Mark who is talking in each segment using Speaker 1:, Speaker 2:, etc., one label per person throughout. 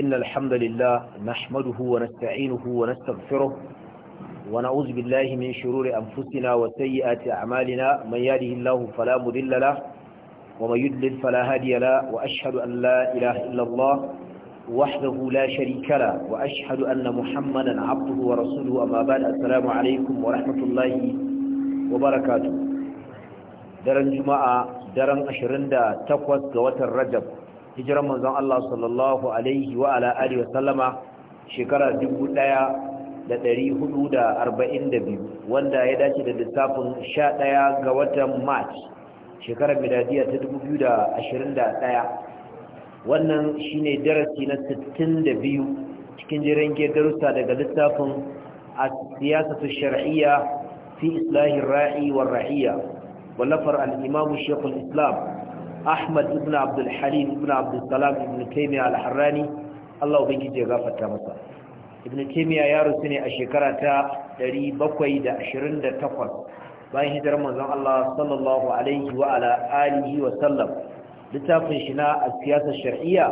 Speaker 1: إن الحمد لله نحمده ونستعينه ونستغفره ونعوذ بالله من شرور أنفسنا وسيئات أعمالنا من يهده الله فلا مضل له ومن يضلل فلا هادي له وأشهد أن لا إله إلا الله وحده لا شريك له وأشهد أن محمدا عبده ورسوله أما بعد السلام عليكم ورحمة الله وبركاته daren juma'a daren 28 ga watan rajab hijiran manzon Allah sallallahu alaihi wa ala alihi wasallama shekara 1442 wanda ya dace da lissafin 11 ga watan March shekarar miladiya ta 2021 wannan shine darasi na 62 cikin jiran darussa daga lissafin a siyasatu shar'iyya fi islahi ra'i war ra'iya wallafar al-imam islam Ahmad ibn Abdul Halim ibn Abdul Salam ibn Taymiyyah al-Harrani Allah ubangiji ya gafarta masa Ibn Taymiyyah ya rusu ne a shekara ta 728 bayan hijirar manzon Allah sallallahu alaihi wa ala alihi wa sallam littafin shi na siyasar shar'iyya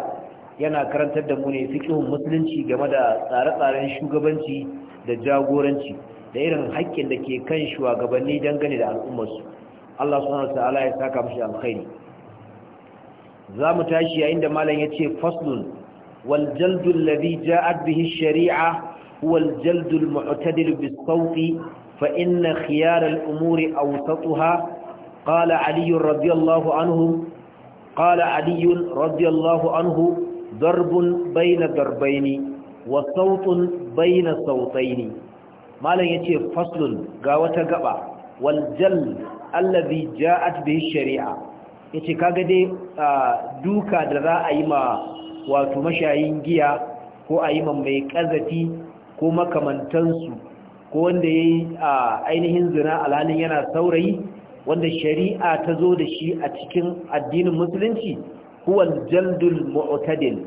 Speaker 1: yana karantar da mu ne fiqhun musulunci game da tsare-tsaren shugabanci da jagoranci da irin haƙƙin da ke kan shugabanni dangane da al'ummarsu Allah subhanahu wa ta'ala ya saka mishi alkhairi za mu tashi yayin da malam ya ce faslun wal jaldul ladhi bihi shari'a huwa al jaldul mu'tadil bis sawti fa ina khiyar al umuri awsatuha qala ali radiyallahu anhu qala ali radiyallahu anhu darbun bayna darbaini wa sautun bayna sautaini malam yace faslun ga wata gaba wal jald allazi bihi shari'a ya ce kaga dai duka da za a yi ma wato mashayin giya ko a yi ma mai ƙazafi ko makamantansu ko wanda ya yi ainihin zina alhalin yana saurayi wanda shari'a ta zo da shi a cikin addinin musulunci huwal jaldul mu'tadil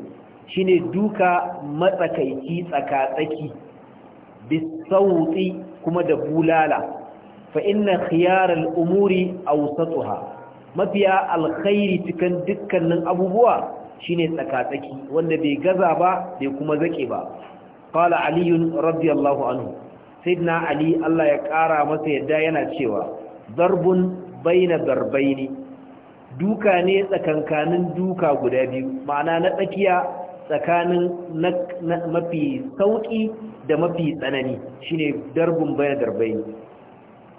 Speaker 1: shine duka matsakaici tsakatsaki bisauti kuma da bulala fa inna khiyar al'umuri tsuha. mafiya alkhairi cikin dukkanin abubuwa shine tsakatsaki wanda bai gaza ba bai kuma zake ba qala ali radiyallahu anhu sayyidina ali Allah ya kara masa yadda yana cewa darbun baina darbaini duka ne tsakankanin duka guda biyu ma'ana na tsakiya tsakanin mafi sauki da mafi tsanani shine darbun baina darbaini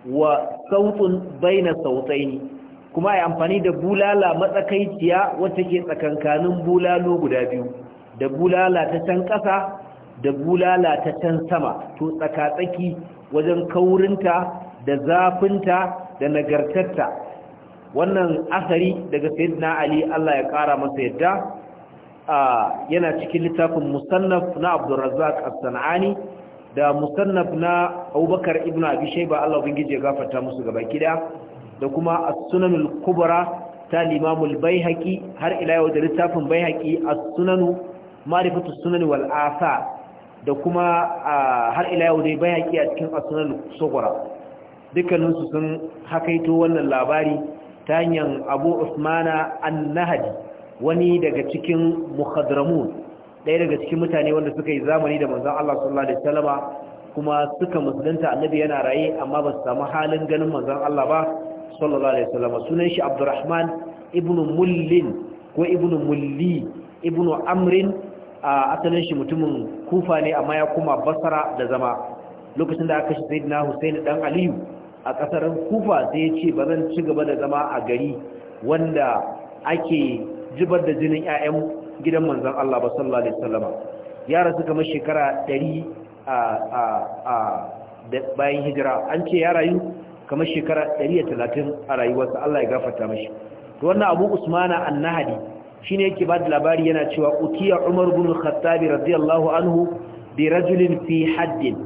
Speaker 1: wa sautun baina sautaini kuma ya amfani da bulala matsakaiciya wacce ke tsakankanin bulalo guda biyu da bulala ta can ƙasa da bulala ta can sama to tsakatsaki wajen kaurinta da zafinta da nagartarta wannan asari daga sayyidina ali Allah ya ƙara masa yadda yana cikin littafin musannaf na abdurrazzaq as-sanani da musannaf na abubakar ibnu abi shayba Allah ubangije ya gafarta musu gaba kida da kuma as-sunanul kubra ta limamul baihaqi har ila yau da littafin baihaqi as-sunanu ma'rifatu sunani wal athar da kuma har ila yau dai baihaqi a cikin as-sunanul sughra dukkanin su sun hakaito wannan labari ta hanyar Abu Usmana an-Nahdi wani daga cikin muhadramun ɗaya daga cikin mutane wanda suka yi zamani da manzon Allah sallallahu alaihi wasallama kuma suka musulunta annabi yana raye amma ba su samu halin ganin manzon Allah ba sallallahu alaihi wasallam sunan shi abdurrahman ibnu mullin ko ibnu mulli ibnu amrin a asalin shi mutumin kufa ne amma ya kuma basara da zama lokacin da aka shi sayyidina husain dan aliyu a kasar kufa sai ya ce ba zan ci gaba da zama a gari wanda ake zubar da jinin ƴaƴan gidan manzon Allah ba sallallahu alaihi wasallam ya rasu kamar shekara 100 a a a bayan hijira an ce ya rayu kamar shekara 130 a rayuwarsa Allah ya gafarta mashi to wannan Abu Usmana An-Nahdi shine yake ba da labari yana cewa utiya Umar ibn Khattab radiyallahu anhu bi rajulin fi haddin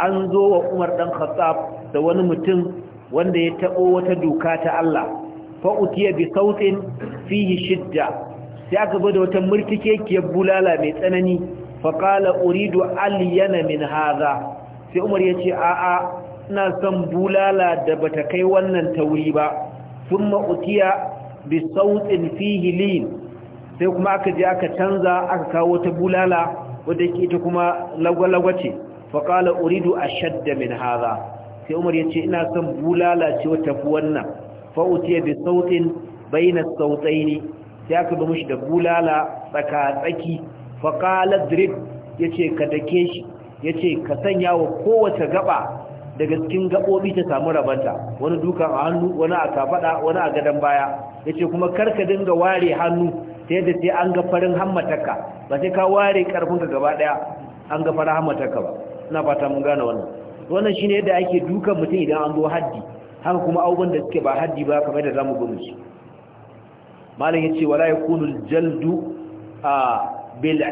Speaker 1: an zo wa Umar dan Khattab da wani mutum wanda ya tabo wata doka ta Allah fa utiya bi sautin fihi shidda sai aka bada wata ke bulala mai tsanani fa qala uridu alyana min hadha sai Umar yace a'a ina son bulala da bata kai wannan tauri ba thumma utiya bi sautin fihi sai kuma aka je aka canza aka kawo ta bulala wadda ke ita kuma lagwalagwace fa qala uridu ashadda min hadha sai umar yace ina son bulala ce wata fi wannan fa utiya bi sautin bayna sautaini sai aka ba mushi da bulala tsaka tsaki fa qala drib yace ka dake shi yace ka sanya wa kowace gaba daga cikin gaɓoɓi ta samu rabanta. wani dukan hannu wani a kafaɗa wani a gadon baya Yace ce kuma karka dinga ware hannu ta yadda sai an ga farin hammataka ba sai ka ware ƙarfinka gaba ɗaya an ga farin hammataka ba ina fata mun gane wannan wannan shine yadda ake dukan mutum idan an zo haddi haka kuma abubuwan da suke ba haddi ba kamar da zamu gudu shi malam yace wala kunu jaldu a bil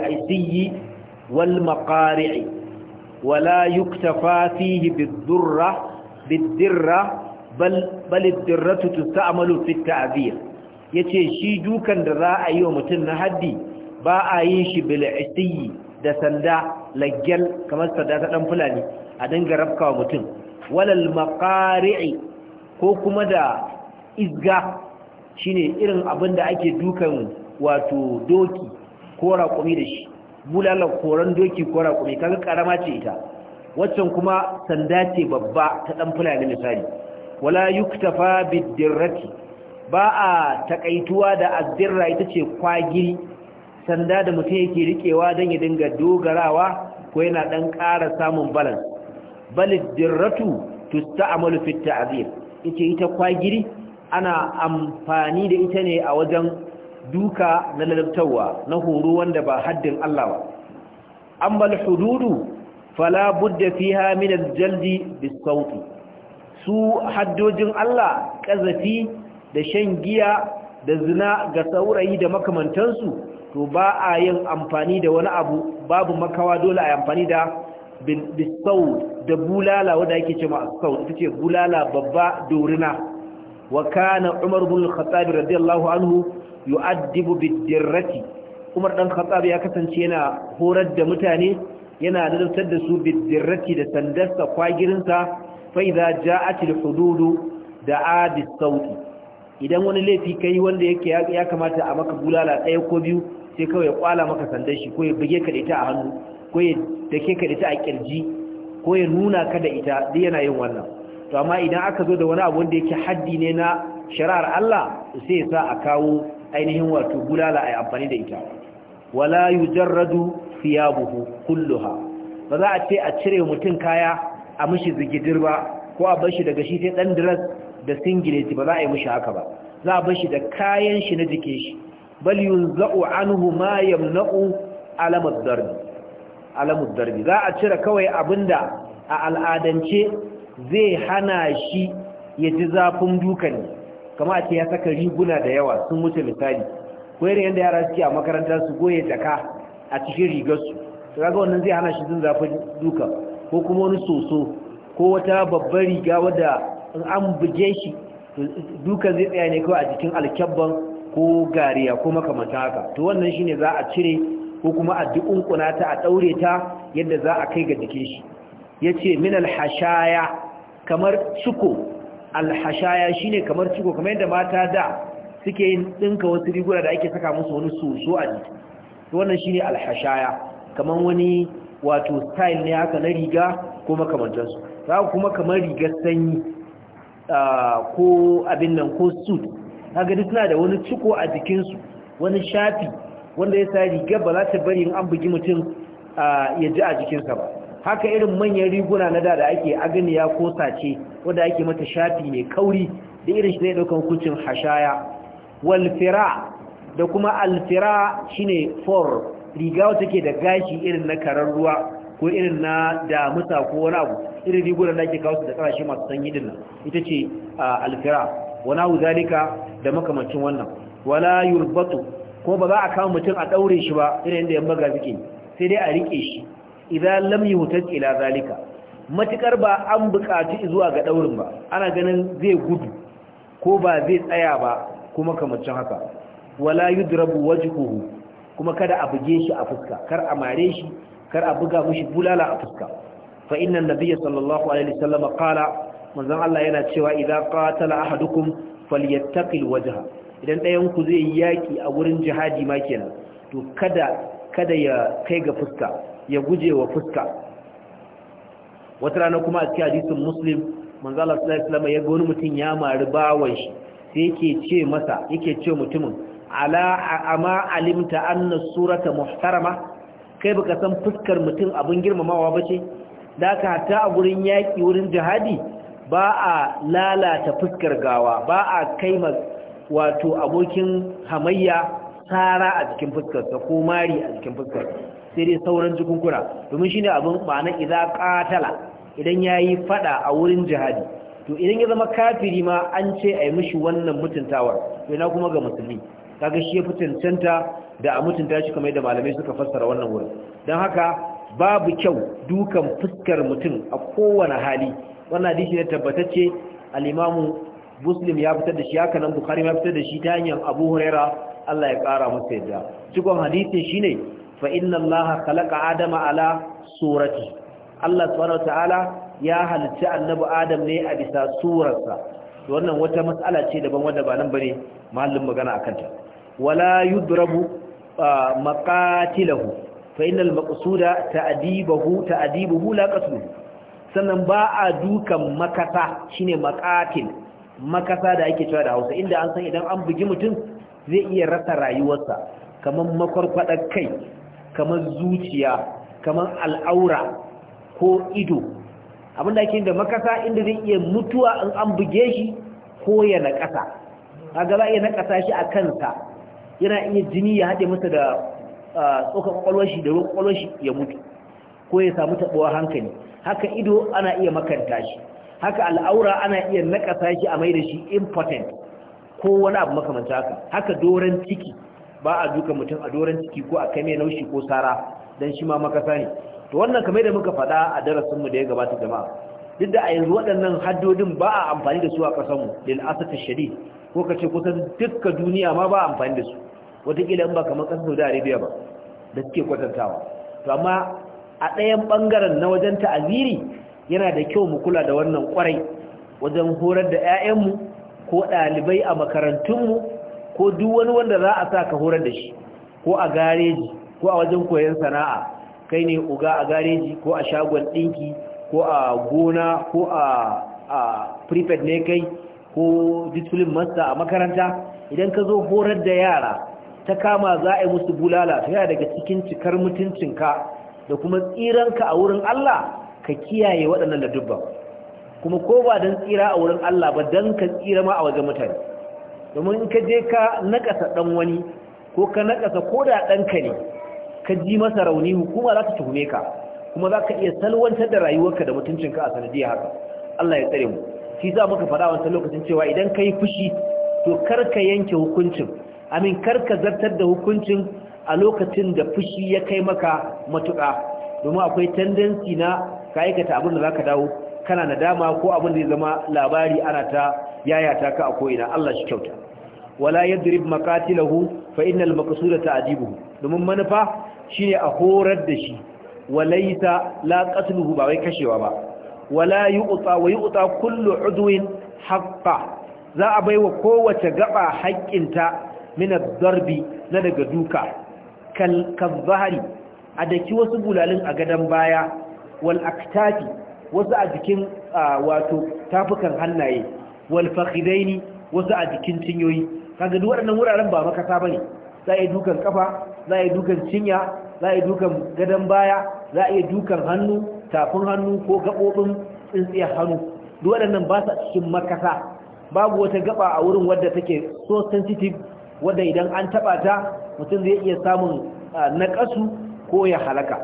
Speaker 1: wal maqari'i wala yuktafa fihi bidurra bidirra bal bal idirratu tusta'malu fi ta'zir yace shi dukan da za a yi wa mutum na haddi ba a yi shi bil da sanda laggyal kamar sanda ta ɗan fulani a dinga rafkawa mutum walal maqari'i ko kuma da izga shine irin abin da ake dukan wato doki ko raƙumi da shi bulala koran doki ko raƙumi kaga karama ce ita waccan kuma sanda ce babba ta dan fulani misali wala yuktafa bidirrati ba a takaituwa da azdirra ita ce kwagiri sanda da mutum yake rikewa dan ya dinga dogarawa ko yana dan ƙara samun balance dirratu tusta'malu fit ta'zir ita ita kwagiri ana amfani da ita ne a wajen duka na lalabtawa na horo wanda ba haddin Allah ba amma hududu fala budda fiha min aljaldi bisauti su haddojin Allah kazafi da shan giya da zina ga saurayi da makamantansu to ba a yin amfani da wani abu babu makawa dole a yi amfani da bisau da bulala wanda yake ce ma'asau ita bulala babba dorina wa kana umar bin al radiyallahu anhu yu'addibu bidirrati Umar dan Khattab ya kasance yana horar da mutane yana ladautar da su bidirrati da sandarsa kwagirinsa fa idza ja'at al da'a bis idan wani laifi kai wanda yake ya kamata a maka bulala ɗaya ko biyu sai kawai ya kwala maka sandar shi ko ya bige ka da ita a hannu ko ya dake ka da ita a kirji ko ya nuna ka da ita duk yana yin wannan to amma idan aka zo da wani abu wanda yake haddi ne na shari'ar Allah sai ya sa a kawo ainihin wato bulala a amfani da ita wala yujarradu buhu kulluha ba za a ce a cire mutum kaya a mishi zigidir ba ko a bar shi daga shi sai dan diras da singileti ba za a yi mishi haka ba za a bar shi da kayan shi na jiki shi bal yunza'u anhu ma yamna'u alamad darbi darbi za a cire kawai abinda a al'adance zai hana shi ya ji zafin dukan kama a ce ya saka riguna da yawa sun wuce misali ko irin yadda yara suke a makaranta su goye jaka a cikin rigarsu su kaga wannan zai hana shi jin zafin duka ko kuma wani soso ko wata babbar riga wadda in an buge shi duka zai tsaya ne kawai a jikin alkyabban ko gariya ko makamanta haka to wannan shine za a cire ko kuma a dukunkuna ta a ɗaure ta yadda za a kai ga jikin shi yace min alhashaya kamar suko alhashaya shi ne kamar ciko kamar yadda mata da suke yin ɗinka wasu rigura da ake saka musu wani soso a jiki to wannan shi ne alhashaya kamar wani wato style ne haka na riga ko makamantar su za kuma kamar rigar sanyi ko abin nan ko suit Haka duk suna da wani ciko a jikinsu wani shafi wanda ya sa rigar ba za ta bari in an bugi mutum ya ji a jikinsa ba haka irin manyan riguna na da da ake aganiya ko sace wanda ake mata shafi ne kauri da irin shi zai dauka hukuncin hashaya wal fira da kuma al fira shine for riga wata ke da gashi irin na karar ruwa ko irin na damusa ko wani abu irin rigunan da ake kawo su da kasashe masu sanyi din nan ita ce alfira wana zalika da makamancin wannan wala yurbatu ko ba za a kama mutum a daure shi ba irin da yan baga suke sai dai a rike shi idan lam yuhtaj ila zalika matukar ba an buƙaci zuwa ga daurin ba ana ganin zai gudu ko ba zai tsaya ba kuma kamancin haka wala yudrabu wajhuhu kuma kada a buge shi a fuska kar a mare shi kar a buga mushi bulala a fuska fa inna nabiyya sallallahu alaihi wasallam qala manzon Allah yana cewa idza qatala ahadukum falyattaqil wajha idan ɗayan ku zai yaki a wurin jihadi ma kenan to kada kada ya kai ga fuska ya guje wa fuska wata rana kuma a cikin hadisin muslim Allah sallallahu ya ga wani mutum ya mari bawan shi sai yake ce masa yake ce mutumin ala ama alimta anna surata muhtarama kai baka san fuskar mutum abin girmamawa bace da ka ta a gurin yaki wurin jihadi ba a lalata fuskar gawa ba a kai ma wato abokin hamayya sara a cikin fuskarsa ko mari a cikin fuskar. sai dai sauran jikunkuna domin shine abin ma'ana idza qatala idan yayi fada a wurin jihadi to idan ya zama kafiri ma an ce ai mishi wannan mutuntawar to na kuma ga musulmi kaga shi ya fitancanta da a mutunta shi kamar yadda malamai suka fassara wannan wurin don haka babu kyau dukan fuskar mutum a kowane hali wannan hadisi ne tabbatacce al-imamu muslim ya fitar da shi haka nan bukhari ya fitar da shi ta hanyar abu huraira Allah ya kara masa yadda cikon hadisin shine fa inna Allah khalaqa ala surati Allah subhanahu ya halitta annabi adam ne a bisa surarsa wannan wata matsala ce daban wanda ba nan bane magana akan ta wala yudrabu ah, maqatilahu fa innal maqsuda ta'dibuhu ta'dibuhu la sannan ba a dukan makasa shine maqatil makasa da ake cewa da Hausa inda an san idan an bugi mutum zai iya rasa rayuwarsa kamar makwarkwadar kai kamar zuciya kamar al'aura ko ido abinda ake da makasa inda zai iya mutuwa in an buge shi ko ya naƙasa kaga za ya iya naƙasa shi a kansa yana iya jini ya haɗe masa da tsokan kwakwalwar shi da ruwan kwakwalwar shi ya mutu ko ya samu taɓuwar hankali haka ido ana iya makanta shi haka al'aura ana iya naƙasa shi a mai da shi impotent ko wani abu makamanta haka haka doron ciki ba a duka mutum a doron ciki ko a kai mai naushi ko sara don shi ma makasa ne to wannan kamar da muka faɗa a darasinmu da ya gabata jama'a duk da a yanzu waɗannan haddodin ba a amfani da su a ƙasarmu lil asata shari ko ka ce kusan dukka duniya ma ba a amfani da su wataƙila in ba kamar ƙasar saudi arabia ba da suke kwatantawa to amma a ɗayan ɓangaren na wajen ta'aziri yana da kyau mu kula da wannan ƙwarai wajen horar da 'ya'yanmu ko ɗalibai a makarantunmu ko duk wani wanda za a sa ka horar da shi ko a gareji ko a wajen koyon sana'a kai ne uga a gareji ko a shagon ɗinki ko a gona ko a a prepaid ne kai ko discipline master a makaranta idan ka zo horar da yara ta kama za a yi musu bulala ta yana daga cikin cikar mutuncinka da kuma tsiranka a wurin Allah ka kiyaye waɗannan da dubban. kuma ko ba don tsira a wurin Allah ba don ka tsira ma a wajen mutane domin in ka je ka nakasa dan wani ko ka nakasa ko da ɗanka ne ka ji masa rauni hukuma za ta tuhume ka kuma za ka iya salwantar da rayuwarka da mutuncinka a sanadiyar haka Allah ya tsare mu shi za muka faɗa wancan lokacin cewa idan ka yi fushi to ka yanke hukuncin amin ka zartar da hukuncin a lokacin da fushi ya kai maka matuƙa domin akwai tendensi na ka aikata abin da za ka dawo kana nadama ko abin da ya zama labari ana ta yayata ka a ko'ina Allah shi kyauta wala yadrib maqatilahu fa innal maqsuda ta'dibuhu domin manufa shine a horar da shi walaita la qatluhu ba wai kashewa ba wala yu'ta wa yu'ta kullu udwin haqqa za a baiwa kowace gaba haƙƙinta min ad-darbi na daga duka kal kazahari a daki wasu bulalin a gadan baya wal aktafi wasu a jikin wato tafukan hannaye wal fakhidaini wasu a jikin cinyoyi kaga duk waɗannan wuraren ba makasa bane za a yi dukan kafa za a yi dukan cinya za a yi dukan gadon baya za a yi dukan hannu tafin hannu ko gaɓoɓin tsintsiyar hannu duk waɗannan ba sa cikin makasa babu wata gaba a wurin wadda take so sensitive wadda idan an taɓa ta mutum zai iya samun naƙasu ko ya halaka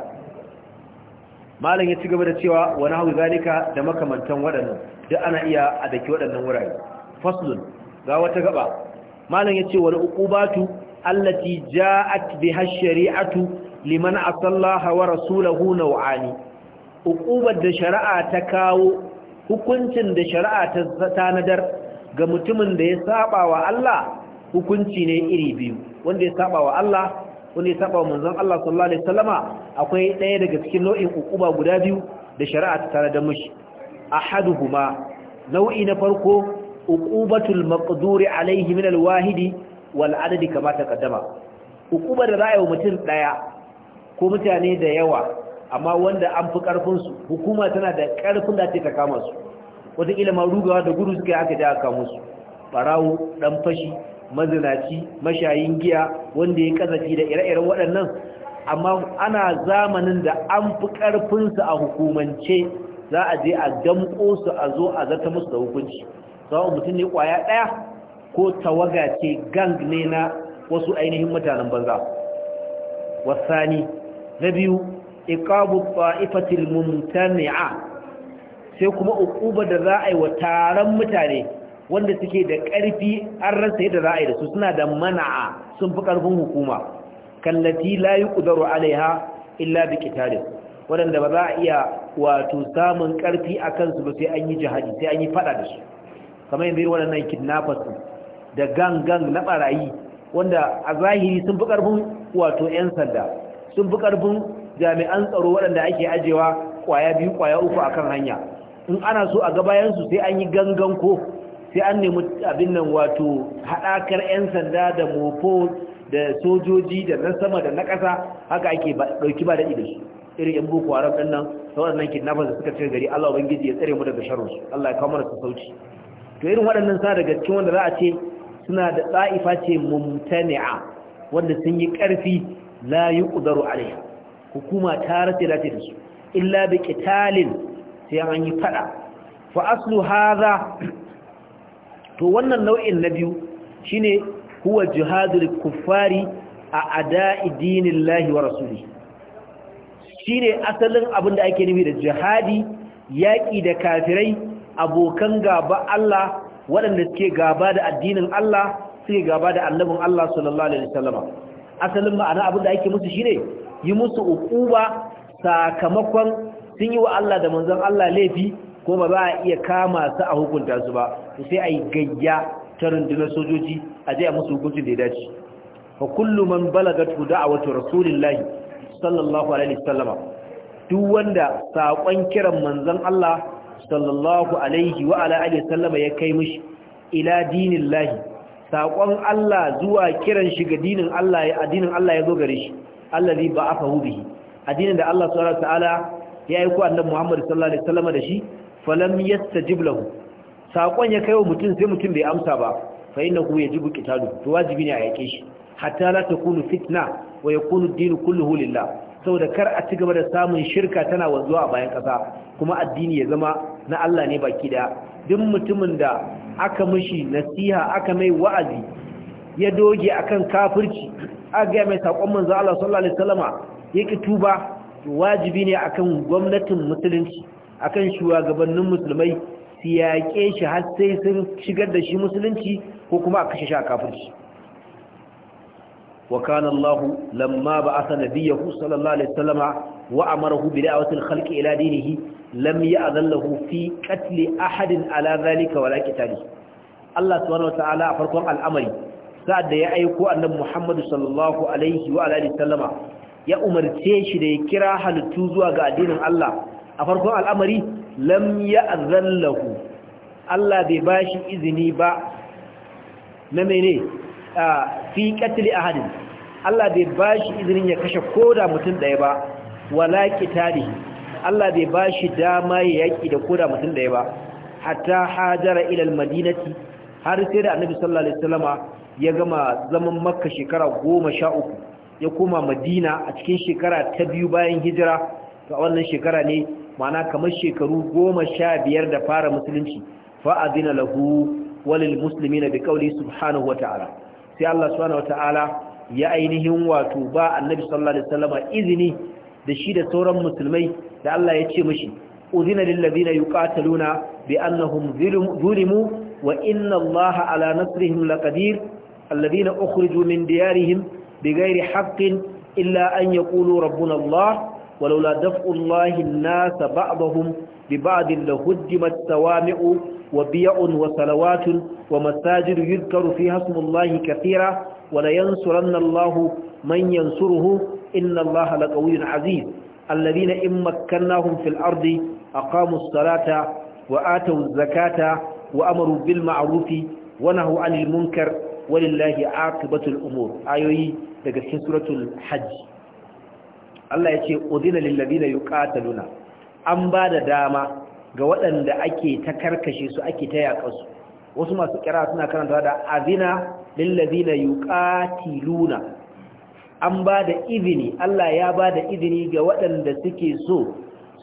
Speaker 1: malam ya ci gaba da cewa wani hau zalika da makamantan waɗannan duk ana iya a daki waɗannan wurare faslun ga wata gaba malam yace wal uqubatu allati ja'at biha shari'atu liman a asallaha wa rasulahu wa'ani. uqubar da shari'a ta kawo hukuncin da shari'a ta tanadar ga mutumin da ya saba wa Allah hukunci ne iri biyu wanda ya saba wa Allah wanda ya saba wa manzon Allah sallallahu alaihi wasallama akwai ɗaya daga cikin nau'in uquba guda biyu da shari'a ta tanadar mushi ahaduhuma nau'i na farko uqubatul maqduri Alayhi min alwahidi wal adadi kama taqaddama uquba da za a wa mutum daya ko mutane da yawa amma wanda an fi karfin su hukuma tana da karfin da ta kama su wataƙila ma rugawa da gudu suka aka ja kama musu barawo dan fashi mazinaci mashayin giya wanda ya kazafi da ire-iren waɗannan amma ana zamanin da an fi ƙarfinsu a hukumance za a je a damƙo su a zo a zata musu da hukunci sawa mutum ne kwaya ɗaya ko tawaga ce gang ne na wasu ainihin mutanen banza wasani na biyu iqabu ta'ifatil mumtani'a sai kuma ukuba da za a yi wa taron mutane wanda suke da ƙarfi an rasa yadda za a yi da su suna da mana'a sun fi ƙarfin hukuma kallati layu ƙudaro alaiha illa bi ƙitarin waɗanda ba za a iya wato samun ƙarfi a kansu ba sai an yi jihadi sai an yi faɗa da su kamar yanzu waɗannan kidnappers da gangan na barayi wanda a zahiri sun fi ƙarfin wato 'yan sanda sun fi ƙarfin jami'an tsaro waɗanda ake ajewa ƙwaya biyu ƙwaya uku akan hanya in ana so a su sai an yi gangan ko sai an nemi abin nan wato haɗakar 'yan sanda da mofo da sojoji da na sama da na ƙasa haka ake ɗauki ba da da su irin yan boko haram nan sauran nan kidnappers da suka cire gari allah ubangiji ya tsare mu daga sharon Allah ya kawo mana sassauci to irin waɗannan sa daga cikin wanda za a ce suna da tsa'ifa ce mumtani'a wanda sun yi ƙarfi la yi ƙudaru alaiha hukuma ta race lati da su illa bi qitalin sai an yi fada fa aslu hadha to wannan nau'in na biyu shine huwa jihadul kuffari a ada'i dinillahi wa rasulihi shine asalin abin da ake nufi da jihadi yaki da kafirai abokan gaba Allah waɗanda suke gaba da addinin Allah suke gaba da annabin Allah sallallahu alaihi wasallam asalin ma'ana abin da ake musu shine yi musu uquba sakamakon sun yi wa Allah da manzon Allah laifi ko ba za a iya kama su a hukunta su ba to sai ai gayya ta rundunar sojoji a je a musu hukuncin da ya dace fa kullu man balagatu da'watu rasulillahi sallallahu alaihi wasallam duk wanda sakon kiran manzon Allah sallallahu alaihi wa ala alihi sallama ya kai mushi ila dinin lahi saƙon Allah zuwa kiran shi ga dinin Allah ya addinin Allah ya zo gare shi allazi ba afa bihi addinin da Allah subhanahu ta'ala ya yi ku annabi Muhammad sallallahu alaihi da shi falam yastajib lahu saƙon ya kaiwa mutum sai mutum bai amsa ba fa innahu yajibu qitalu to wajibi ne a yake shi hatta la takunu fitna wa yakunu ad-din kulluhu lillah saboda kar a ci gaba da samun shirka tana wanzuwa a bayan ƙasa kuma addini ya zama na Allah ne baki daya duk mutumin da aka mishi nasiha aka mai wa'azi ya doge akan kafirci aga mai sakon manzo Allah sallallahu alaihi wasallama yake tuba wajibi ne akan gwamnatin musulunci akan shugabannin musulmai su yaƙe shi har sai sun shigar da shi musulunci ko kuma a kashe shi a kafirci wa kana Allah lamma ba'atha nabiyahu sallallahu alaihi wasallama wa amarahu bi da'watil khalqi ila dinihi lam ya'zan lahu fi qatl ahadin ala zalika wala qitali Allah subhanahu wataala a farkon al'amari sa'ad da ya aiko annabi Muhammad sallallahu alaihi wa alihi sallama ya umarce shi da ya kira halittu zuwa ga addinin Allah a farkon al'amari lam ya'zan lahu Allah bai bashi izini ba na mene fi qatl ahadin Allah bai bashi izinin ya kashe koda mutum daya ba wala kitali Allah bai bashi dama ya yaki da koda mutum da ya ba hatta hajara ila almadinati har sai da annabi sallallahu alaihi wasallama ya gama zaman makka shekara 13 ya koma madina a cikin shekara ta biyu bayan hijira to a wannan shekara ne ma'ana kamar shekaru 15 da fara musulunci fa adina lahu walil muslimina bi qawli subhanahu wa ta'ala sai Allah subhanahu wa ta'ala ya ainihin wato ba annabi sallallahu alaihi wasallama izini da shi da sauran musulmai da Allah ya ce mashi uzina lil bi annahum zulimu wa inna Allaha ala nasrihim laqadir alladina ukhriju min diyarihim gairi haqqin illa an yaqulu rabbuna Allah ولولا دفع الله الناس بعضهم ببعض لهدمت صوامع وبيع وصلوات ومساجد يذكر فيها اسم الله كثيرا ولينصرن الله inna allaha laqawiyyun aziz alladhina in makkannahum fil ardi aqamus salata wa atawuz zakata wa amaru bil ma'rufi wa nahu 'anil munkar walillahi aqibatul umur ayoyi daga cikin suratul hajj Allah yace udina lil ladina yuqataluna an ba da dama ga waɗanda ake ta karkashe su ake ta yaƙansu wasu masu kira suna karanta da azina lil ladina yuqatiluna an ba da izini Allah ya ba da izini ga waɗanda suke so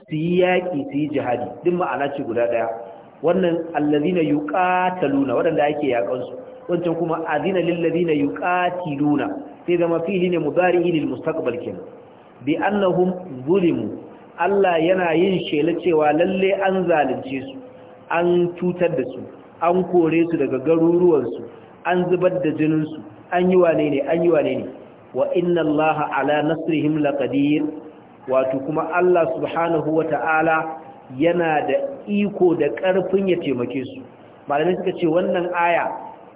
Speaker 1: su yi yaƙi su yi jihadi duk ma'ana ce guda ɗaya wannan allazina yuqataluna waɗanda ake yaƙansu wancan kuma azina lillazina yuqatiluna sai zama fihi ne mudari'i lil mustaqbal kenan bi annahum zulimu Allah yana yin shela cewa lalle an zalunce su an cutar da su an kore su daga garuruwansu an zubar da jininsu an yi wane ne an yi wane ne wa inna allaha ala nasrihim laqadir wato kuma Allah subhanahu wata'ala yana da iko da ƙarfin ya taimake su malamai suka ce wannan aya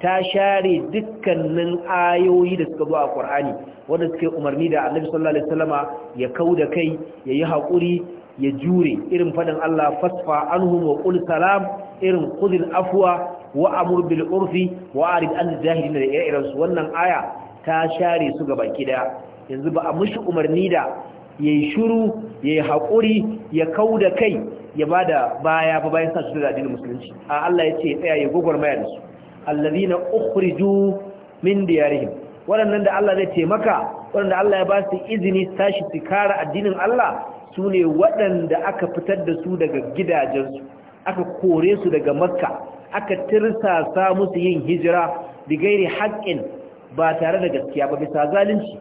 Speaker 1: ta share dukkanin ayoyi da suka zo a Qur'ani wanda suke umarni da Annabi sallallahu alaihi wasallama ya kauda kai ya yi hakuri ya jure irin fadin Allah fasfa anhum wa qul salam irin qudil afwa wa amur bil urfi wa arid an jahilin da irin su wannan aya ta share su gaba baki yanzu ba a mushi umarni da yayi shiru yayi haƙuri, ya kauda kai ya bada baya ba bayan sa su da addinin musulunci a Allah ya ce tsaya ya maya da su allazina ukhriju min diyarihim waɗannan da Allah zai taimaka waɗanda Allah ya ba su izini tashi su kara addinin Allah sune ne waɗanda aka fitar da su daga gidajensu aka kore su daga makka aka tirsasa musu yin hijira da gairi haƙƙin ba tare da gaskiya ba bisa zalunci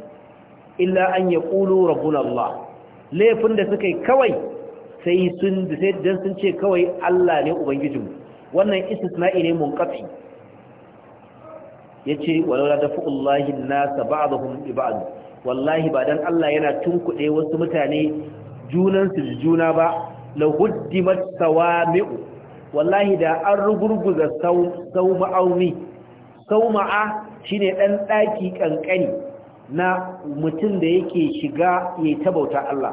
Speaker 1: illa an ya ƙulu rabbunallah laifin da suka yi kawai sai sun sai sun ce kawai Allah ne ubangijinmu wannan istisna'i ne munqati yace walaula dafullahi an-nasa ba'dahum bi ba'd wallahi ba dan Allah yana tunkuɗe wasu mutane junansu da juna ba la matsawa sawami'u wallahi da an rugurguza sau ma'auni sau ma'a Shi ne ɗan ɗaki ƙanƙani na mutum da yake shiga ya ta bauta Allah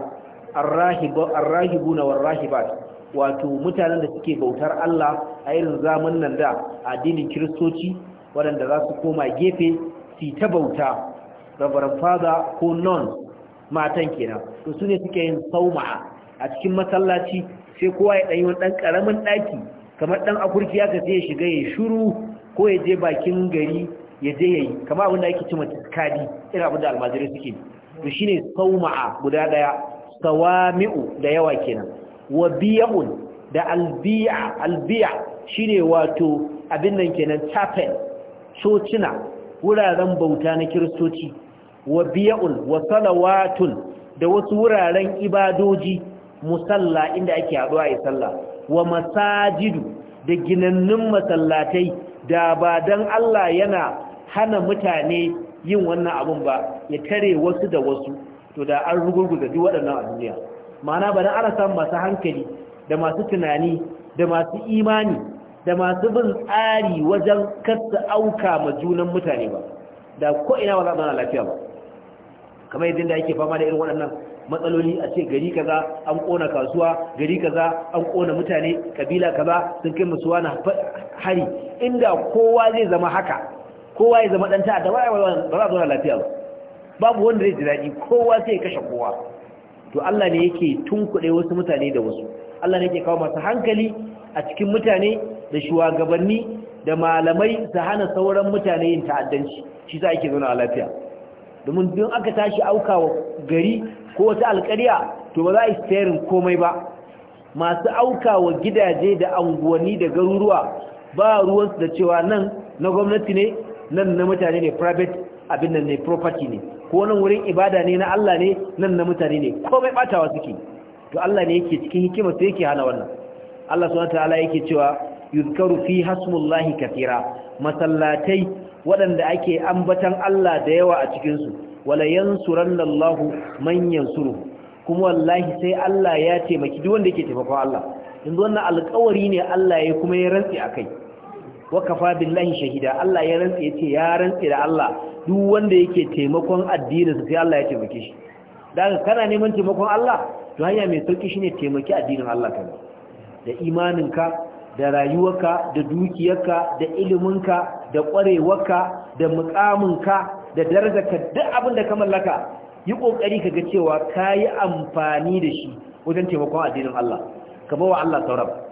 Speaker 1: arrahibu na warrahibat wato mutanen da suke bautar Allah a irin zaman nan da addinin kiristoci waɗanda za su koma gefe su ta bauta rabaran fada ko non matan kenan to su ne suke yin sauma a cikin masallaci sai kowa ya ɗanyi wani ɗan ƙaramin ɗaki kamar ɗan akurki ya sai ya shiga ya shuru ko ya je bakin gari ya je yayi kama abin da yake cima tiskadi irin abin da almajirai suke to shine sauma'a guda daya sawami'u da yawa kenan wa biya'un da albiya albiya shine wato abin nan kenan chapel cocina wuraren bauta na kiristoci wa biya'un wa salawatun da wasu wuraren ibadoji musalla inda ake haɗuwa ya sallah wa masajidu da ginannun masallatai da ba don Allah yana hana mutane yin wannan abun ba ya tare wasu da wasu to da an rugurguza duk waɗannan a duniya ma'ana ba ana samun masu hankali da masu tunani da masu imani da masu bin tsari wajen kasta auka ma junan mutane ba da ko ina ba za a lafiya ba kamar yadda da ake fama da irin waɗannan matsaloli a ce gari kaza an kona kasuwa gari kaza an kona mutane kabila kaza sun kai musuwa na hari inda kowa zai zama haka kowa ya zama ɗanta ta'adda ba za a zauna lafiya ba babu wanda zai ji daɗi kowa sai ya kashe kowa to Allah ne yake tunkuɗe wasu mutane da wasu Allah ne yake kawo masu hankali a cikin mutane da shugabanni da malamai su hana sauran mutane yin ta'addanci shi za a ke zauna lafiya domin don aka tashi auka aukawa gari ko wata alƙarya to ba za a yi tsayarin komai ba masu auka wa gidaje da anguwanni da garuruwa ba ruwansu da cewa nan na gwamnati ne nan na mutane ne private abin nan ne property ne ko nan wurin ibada ne na Allah ne nan na mutane ne komai batawa suke to Allah ne yake cikin hikima sai yake hana wannan Allah subhanahu ta'ala yake cewa yuzkaru fi hasmullahi katira masallatai waɗanda ake ambatan Allah da yawa a cikin su wala yansurallahu man yansuru kuma wallahi sai Allah ya taimaki duk wanda yake taimakon Allah yanzu wannan alƙawari ne Allah ya kuma ya rantsi akai wa kafa billahi shahida Allah ya rantsa yace ya rantse da Allah duk wanda yake taimakon addininsa sai Allah ya taimake shi dan kana neman taimakon Allah to hanya mai sauki shine taimaki addinin Allah kan da imaninka da rayuwarka da dukiyarka da iliminka da kwarewarka da mukaminka da darajarka duk abin da ka mallaka yi kokari kaga cewa kayi amfani da shi wajen taimakon addinin Allah ka bawa Allah sauraba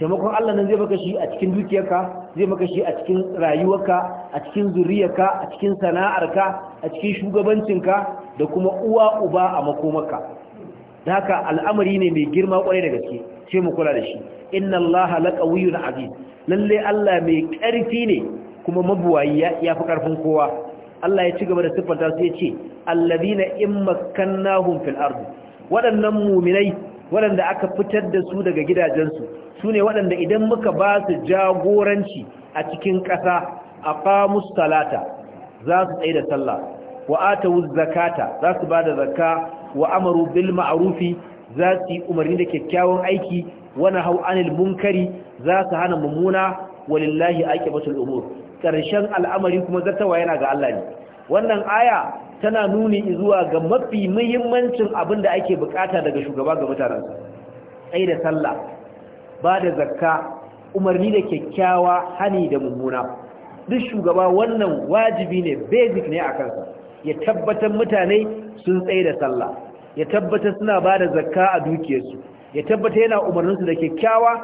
Speaker 1: taimakon Allah nan zai maka shi a cikin dukiyarka zai maka shi a cikin rayuwarka a cikin zuriyarka a cikin sana'arka a cikin shugabancinka da kuma uwa uba a makomaka da haka al'amari ne mai girma kwarai da gaske ce mu kula da shi inna Allah laqawiyyun aziz lalle Allah mai karfi ne kuma mabuwayi ya fi karfin kowa Allah ya ci gaba da siffanta su ya ce allazina in makkannahum fil ardi waɗannan muminai waɗanda aka fitar da su daga gidajensu su ne waɗanda idan muka ba su jagoranci a cikin ƙasa a famus talata za su tsaye da sallah wa atawuz zakata za su ba da zakka wa amaru bil ma'arufi za su yi umarni da kyakkyawan aiki wani hau anil munkari za su hana mummuna walillahi ake batul umur ƙarshen al'amari kuma zartawa yana ga Allah ne wannan aya tana nuni zuwa ga mafi muhimmancin abin da ake bukata daga shugaba ga mutanensa tsaye da sallah ba da zakka umarni da kyakkyawa hani da mummuna duk shugaba wannan wajibi ne basic ne a kansa ya tabbatar mutane sun tsaye da sallah ya tabbatar suna ba da zakka a dukiyarsu ya tabbatar yana umarninsu da kyakkyawa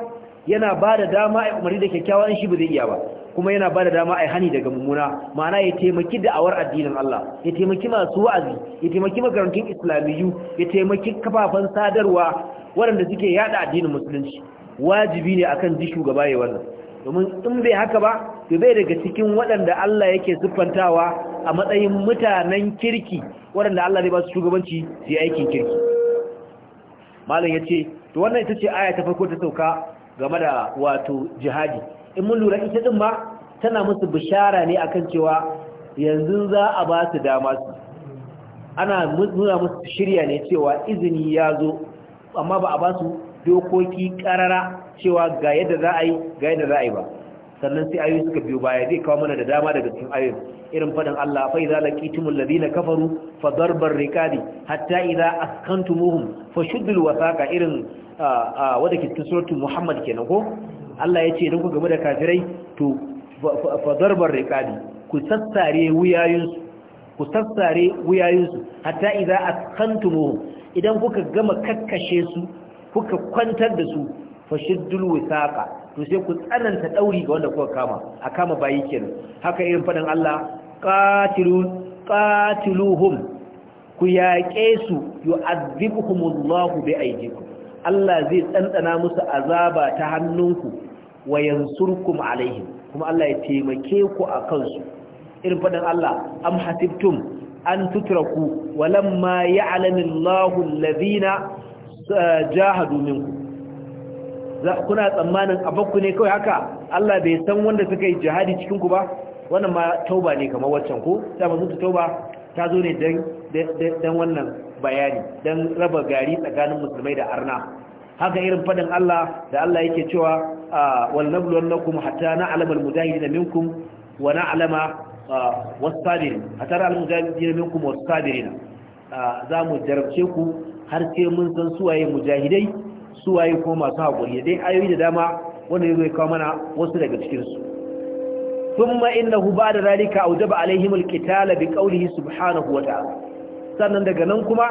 Speaker 1: yana ba da dama a umarni da kyakkyawan shi ba zai iya ba kuma yana ba da dama a hani daga mummuna ma'ana ya taimaki da'awar addinin Allah ya taimaki masu wa'azi ya taimaki makarantun islamiyu, ya taimaki kafafen sadarwa waɗanda suke yada addinin musulunci wajibi ne akan ji shugaba ya wannan domin in bai haka ba to bai daga cikin waɗanda Allah yake siffantawa a matsayin mutanen kirki waɗanda Allah zai ba su shugabanci su yi aikin kirki malam ya ce to wannan ita ce aya ta farko ta sauka game da wato jihadi in mun lura ita din ma tana musu bishara ne akan cewa yanzu za a ba su dama su ana nuna musu shirya ne cewa izini ya zo amma ba a ba su dokoki karara cewa ga yadda za a yi ga yadda za a yi ba sannan sai ayoyi suka biyo baya zai kawo mana da dama daga cikin ayoyin irin fadin Allah fa idza laqitumul ladina kafaru fa darbar riqabi hatta idza askantumuhum fa shuddul wasaqa irin wadda ke tun muhammad kenan ko Allah ya ce idan ku game da kafirai to fadarbar rikadi, ku sassare wuyayensu, ku sassare wuyayunsu hatta kantu mu, idan kuka gama kakkashe su kuka kwantar da su fashiddul saƙa, to sai ku tsananta ɗauri ga wanda kuka kama a kama bayi kenan haka irin faɗin Allah ƙatiluhun, ku yaƙe su bai aiki ku Allah zai tsantsana musu azaba ta hannunku wa yansurkum alaihim kuma Allah ya taimake ku a kansu irin faɗin Allah am hasibtum an tutraku walamma ya'lamillahu alladhina jahadu minkum kuna tsammanin abakku ne kawai haka Allah bai san wanda suka yi jihadi cikin ku ba wannan ma tauba ne kamar waccan ko sai mun tauba ta zo ne dan dan wannan bayani don raba gari tsakanin musulmai da arna haka irin fadin Allah da Allah yake cewa ah, wal nabluwannakum hatta na'lamu al-mujahidin minkum wa na'lama ah, was-sabirin hatta na'lamu al-mujahidin minkum was-sabirin ah, za mu jarabce ku har sai mun san su waye mujahidai su waye ko masu haƙuri dai ayoyi da dama wanda zai kawo mana wasu daga cikin su thumma innahu ba'da zalika awjaba alaihim al-qitala biqawlihi subhanahu wa ta'ala sannan daga nan kuma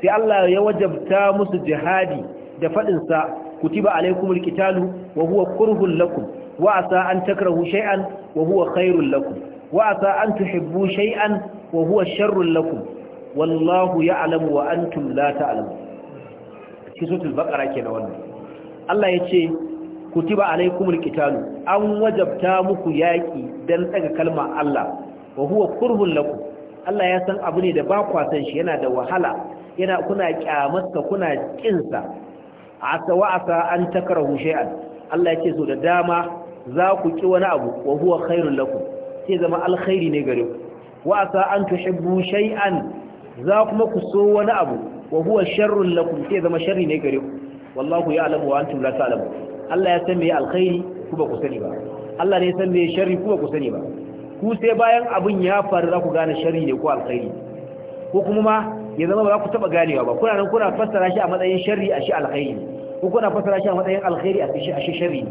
Speaker 1: sai Allah ya wajabta musu jihadi da faɗinsa sa kutiba alaikumul qitalu wa huwa kurhun lakum wa asa an takrahu shay'an wa huwa khairul lakum wa asa an tuhibbu shay'an wa huwa sharrul lakum wallahu ya'lamu wa antum la ta'lamun cikin suratul baqara kenan wannan Allah yace kutiba alaikumul qitalu an wajabta muku yaki dan tsaga kalma Allah wa huwa kurhun lakum Allah ya san abu ne da ba kwasan shi yana da wahala yana kuna kyamarsa kuna kinsa asa wa asa an takrahu shay'an Allah yake so da dama za ku ki wani abu wa huwa khairul lakum sai zama alkhairi ne gare ku wa asa an tuhibbu shay'an za kuma ku so wani abu wa huwa sharrul lakum sai zama sharri ne gare ku wallahu ya'lamu wa antum la ta'lamun Allah ya san me alkhairi ku ba ku sani ba Allah ne ya san me sharri ku ba ku sani ba ku sai bayan abin ya faru za ku gane shari ne ko alkhairi ko kuma ma ya zama ba za ku taba ganewa ba kuna nan kuna fassara shi a matsayin sharri a shi alkhairi ko kuna fassara shi a matsayin alkhairi a shi a shi sharri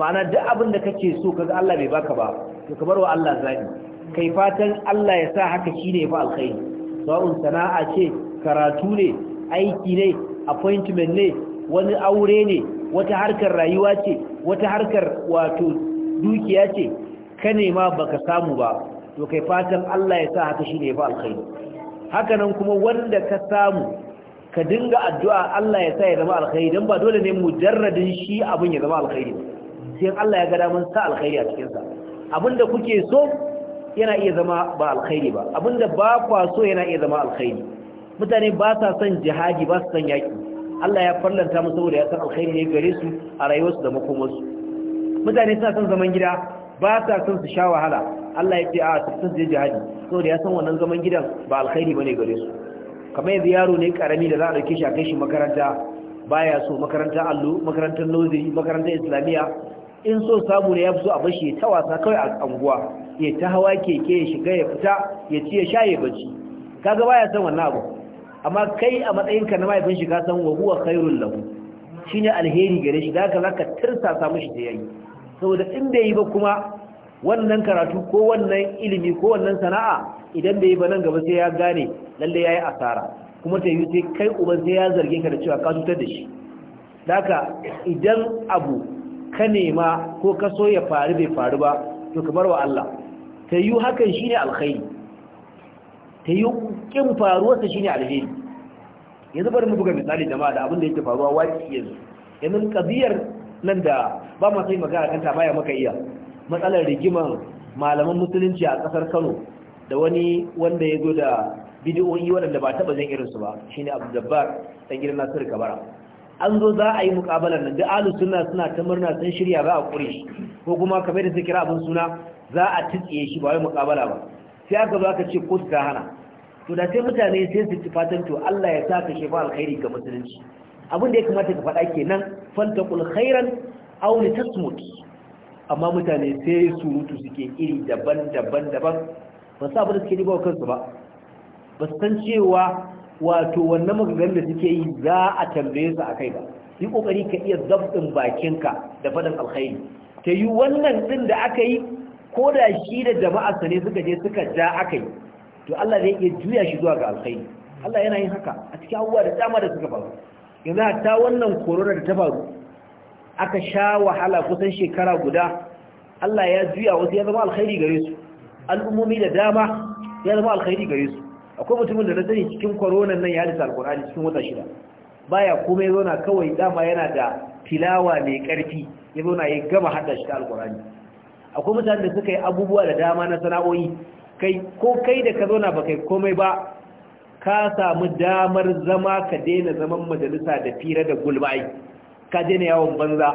Speaker 1: ma'ana duk abin da kake so kaga Allah bai baka ba to ka bar wa Allah zabi kai fatan Allah ya sa haka shine fa alkhairi sawun sana'a ce karatu ne aiki ne appointment ne wani aure ne wata harkar rayuwa ce wata harkar wato dukiya ce ka nema baka samu ba to kai fatan Allah ya sa haka shine ya alkhairi haka nan kuma wanda ka samu ka dinga addu'a Allah ya sa ya zama alkhairi dan ba dole ne mujarradin shi abin ya zama alkhairi sai Allah ya ga daman sa alkhairi a cikin sa abinda kuke so yana iya zama ba alkhairi ba abinda ba kwa so yana iya zama alkhairi mutane ba sa son jihadi ba su son yaki Allah ya farlanta musu saboda ya san alkhairi ne gare su a rayuwarsu da makomarsu mutane suna son zaman gida ba sa son su sha wahala Allah ya ce a su je jihadi saboda ya san wannan zaman gidan ba alkhairi bane gare su kamar yanzu yaro ne karami da za a dauke shi a kai shi makaranta baya so makarantar allo makarantar lozi makarantar islamiyya in so samu ne ya fi so a bashi ta wasa kawai a anguwa ya ta hawa keke ya shiga ya fita ya ci ya sha ya bacci kaga baya san wannan abu amma kai a matsayin ka na mahaifin shi ka san wa huwa khairul lahu shine alheri gare shi da haka zaka tirsa sa mishi da yayi saboda inda bai yi ba kuma wannan karatu ko wannan ilimi ko wannan sana'a idan bai yi ba nan gaba sai ya gane lalle yayi asara kuma ta yi sai kai uban sai ya zarge ka da cewa ka tutar da shi haka idan abu ka nema ko ka so ya faru bai faru ba to ka bar wa Allah ta yi hakan shine alkhairi ta yi kin faruwarsa shine alheri yanzu bari mu buga misali jama'a da abin da yake faruwa waki yanzu yanzu kabiyar nan da ba ma sai magana kanta baya maka iya matsalar rigiman malaman musulunci a kasar Kano da wani wanda ya zo da bidiyoyi waɗanda ba taɓa jin irinsu ba shine Abu Jabbar dan gidan Nasir Kabara an zo za a yi mukabalar nan da alu suna suna ta murna sun shirya za a kure ko kuma kamar da su kira abin suna za a titsiye shi ba wai mukabala ba sai aka zo aka ce ko ta hana to da sai mutane sai su fatan to Allah ya sa ka shefa alkhairi ga musulunci abin da ya kamata ka faɗa kenan faltaqul khairan auli tasmut amma mutane sai mutu suke iri daban-daban daban ba su abin da suke riba kansu ba ba su san cewa wato wannan maganganun da suke yi za a tambaye su a kai ba yi kokari ka iya zabɗin bakinka da faɗin alkhairi ta yi wannan ɗin da aka yi ko da shi da jama'a su ne suka je suka ja aka yi to Allah zai iya juya shi zuwa ga alkhairi Allah yana yin haka a cikin abubuwa da dama da suka faru yanzu hatta wannan korona da ta faru aka sha wahala kusan shekara guda Allah ya juya wasu ya zama alkhairi gare su al'ummomi da dama ya zama alkhairi gare su akwai mutumin da na sani cikin koronan nan ya lissa alkur'ani cikin wata shida baya ya zauna kawai dama yana da tilawa mai karfi ya zauna ya gama hada shi ta alkur'ani akwai mutanen da suka yi abubuwa da dama na sana'o'i kai ko kai da ka zauna ba komai ba ka samu damar zama ka daina zaman majalisa da fira da gulbai ka daina yawon banza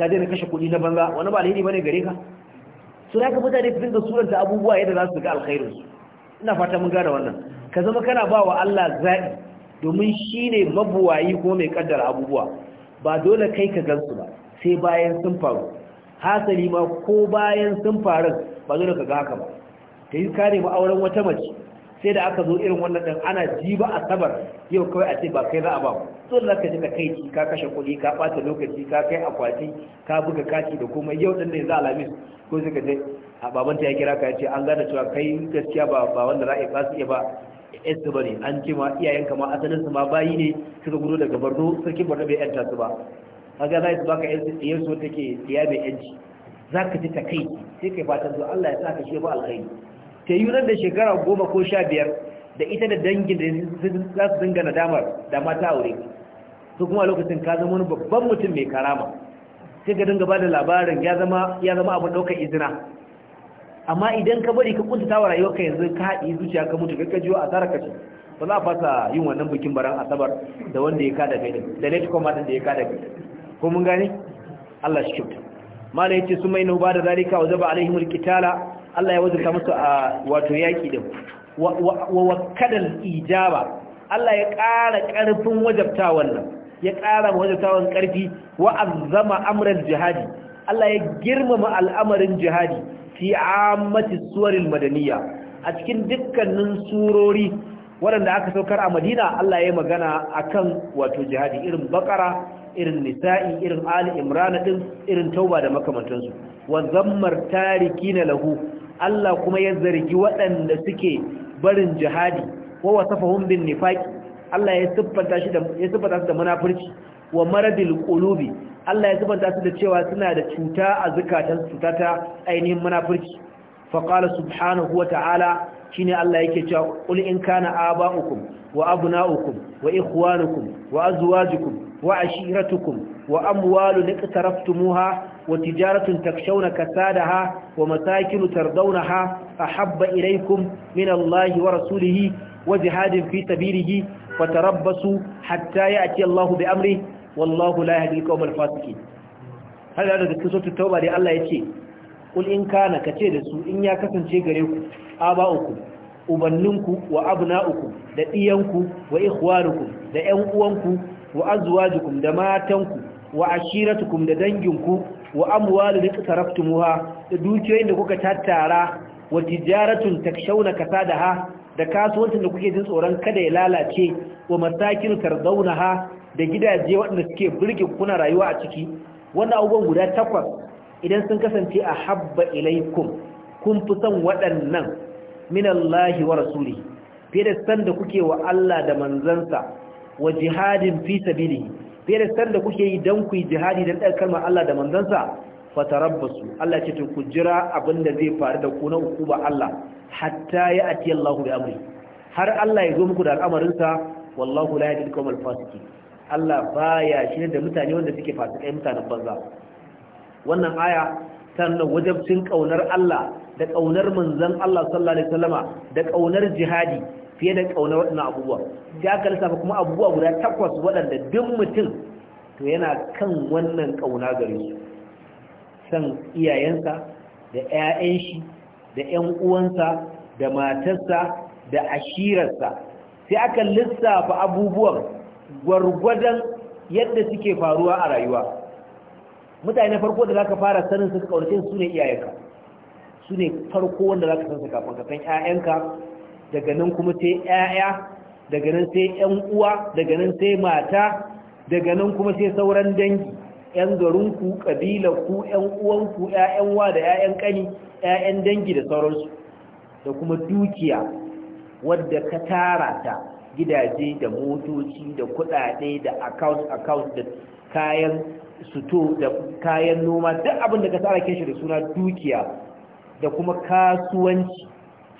Speaker 1: ka daina kashe kuɗi na banza wani ba alheri bane gare ka Suna ya ka mutane su dinga suranta abubuwa yadda za su ga alkhairun. su ina fata mun gane wannan ka zama kana ba wa Allah zaɓi domin shi ne mabuwayi ko mai kaddara abubuwa ba dole kai ka gansu ba sai bayan sun faru hasali ma ko bayan sun faru ba dole ka ga haka ba ta yi kare auren wata mace sai da aka zo irin wannan ɗin ana ji ba a sabar yau kawai a ce ba kai za a ba tun za ka ji ka kai ka kashe kuɗi ka ɓata lokaci ka kai akwati ka buga kati da komai yau ɗin ne za a lamis ko sai ka je a babanta ya kira ka ya ce an gane cewa kai gaskiya ba ba wanda za a iya ba su iya ba yansu ba ne an ce ma iyayenka ma su ma bayi ne suka gudu daga barno sarkin barno bai yanta su ba kaga za su baka yansu wata ke tsiya mai yanci za ka ji ta kai sai kai fatan zuwa allah ya sa ka shi ba alkhairi ta yi nan da shekara goma ko sha biyar da ita da dangin da za su dinga nadamar da mata aure su kuma lokacin ka zama wani babban mutum mai karama sai ka dinga ba da labarin ya zama abin ɗaukar izina amma idan ka bari ka kunta wa ka yanzu ka haɗi zuciya ka mutu ka jiwa a tsara ce ba za a fasa yin wannan bikin baran asabar da wanda ya kada kai da late commandant da ya kada kai ko mun gane Allah shi kyauta mala yace su mai nuba da zalika wa zaba alaihimul kitala Allah ya wajabta musu a wato yaki din wa wakadal ijaba Allah ya ƙara ƙarfin wajabta wannan ya ƙara wajabta wannan ƙarfi wa azzama jihadi Allah ya girmama al'amarin jihadi fi ammati suwaril madaniya a cikin dukkanin surori waɗanda aka saukar a Madina Allah ya magana akan wato jihadi irin bakara irin nisa'i irin ali imrana din irin tauba da makamantansu wa zammar tarikina lahu Allah kuma ya zargi waɗanda suke barin jihadi wa wasafahum bin nifaq Allah ya siffanta da su da munafurci wa maradil qulubi Allah ya siffanta su da cewa suna da cuta a zakatan cuta ta ainihin munafurci fa subhanahu wa ta'ala shine Allah yake cewa qul in kana aba'ukum wa abna'ukum wa ikhwanukum wa azwajukum wa ashiratukum wa amwalun muha. وتجارة تخشون كسادها ومساكن ترضونها أحب إليكم من الله ورسوله وجهاد في سبيله فتربصوا حتى يأتي الله بأمره والله لا يهدي القوم الفاسقين هذا هذا قصة التوبة لله يتي قل إن كان كتير سوء إن يكسن شيء غريكم آباؤكم ubanninku wa abna'ukum da ɗiyanku wa ikhwanukum da ƴan uwanku wa azwajukum da matanku wa ashiratukum da danginku wa amwalu da taraftumuha da dukiyoyin da kuka tattara wa tijaratun takshawna kasadaha da kasuwancin da kuke jin tsoron kada ya lalace wa masakin tarzaunaha da gidaje waɗanda suke burge kuna rayuwa a ciki wannan abubuwan guda takwas idan sun kasance a habba ilaikum kun fi son waɗannan minallahi wa rasuli fiye da san da kuke wa Allah da manzansa wa jihadin fi sabilihi fiye da sanda kuke yi don ku yi jihadi don ɗaukar kalmar Allah da manzansa fatarabbasu Allah ce ku jira abin da zai faru da ku na uku ba Allah hatta ya ati Allahu bi amri har Allah ya zo muku da al'amarinsa wallahu la yahdi kamar fasiki. Allah baya shi da mutane wanda suke fasikai mutanen banza wannan aya sannan wajabcin ƙaunar Allah da ƙaunar manzon Allah sallallahu alaihi wasallama da ƙaunar jihadi fiye da kauna waɗannan abubuwa sai aka lissafa kuma abubuwa guda takwas waɗanda duk mutum to yana kan wannan ƙauna gare su san iyayensa da 'ya'yan shi da 'yan uwansa da matarsa da ashirarsa sai aka lissafa abubuwan gwargwadon yadda suke faruwa a rayuwa mutane farko da zaka fara sanin su ka kaunace su ne iyayenka su ne farko wanda zaka san su kafin ka san ƴaƴanka daga nan kuma sai ƴaƴa daga nan sai ƴan uwa daga nan sai mata daga nan kuma sai sauran dangi ƴan garinku ku 'yan uwanku ƴaƴan wa da ƴaƴan ƙani 'ya'yan dangi da sauransu da kuma dukiya wadda ka tara ta gidaje da motoci da kuɗaɗe da account account da kayan suto da kayan noma duk abin da ka tsara kishi da suna dukiya da kuma kasuwanci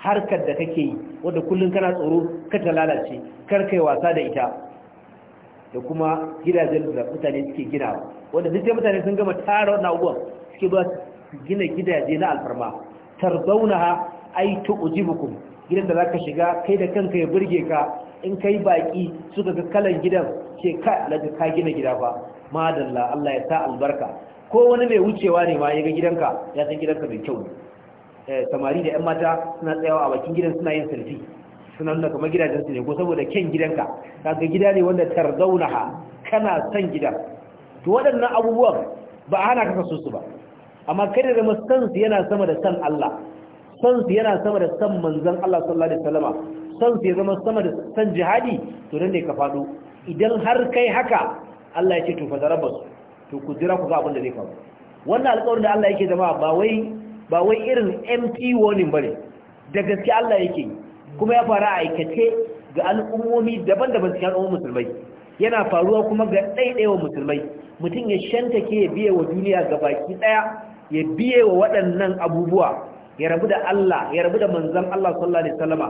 Speaker 1: harkar da kake yi wadda kullum kana tsoro ta lalace kar kai wasa da ita da kuma gidajen da mutane suke gina wanda duk mutane sun gama tara wannan abubuwan suke ba su gina gidaje na alfarma tarzaunaha ai ujibukum gidan da zaka shiga kai da kanka ya burge ka in kai baki suka ga kalan gidan ce ka ka gina gida fa madalla Allah ya sa albarka ko wani mai wucewa ne ma ya ga gidanka ya san gidanka mai kyau ne Eh, samari da 'yan mata suna tsayawa a bakin gidan suna yin sarfi suna nuna kamar gidajensu ne ko saboda kyan gidanka kaga gida ne wanda ha kana son gida to waɗannan abubuwan ba a hana kasa su ba amma kada da masu yana sama da san Allah sansu yana sama da san manzon Allah sallallahu alaihi wasallama sansu ya zama sama da san jihadi to nan ne ka fado idan har kai haka Allah ya ce to fa to ku jira ku ga abin da zai faru wannan alƙawarin da Allah yake zama ba wai ba wai irin empty warning bane da gaske Allah yake kuma ya fara aikace ga al'ummomi daban-daban cikin al'ummar musulmai yana faruwa kuma ga ɗaiɗaiwa musulmai mutum ya shanta ke biye wa duniya ga baki ɗaya ya biye wa waɗannan abubuwa ya rabu da Allah ya rabu da manzan Allah sallallahu alaihi wasallama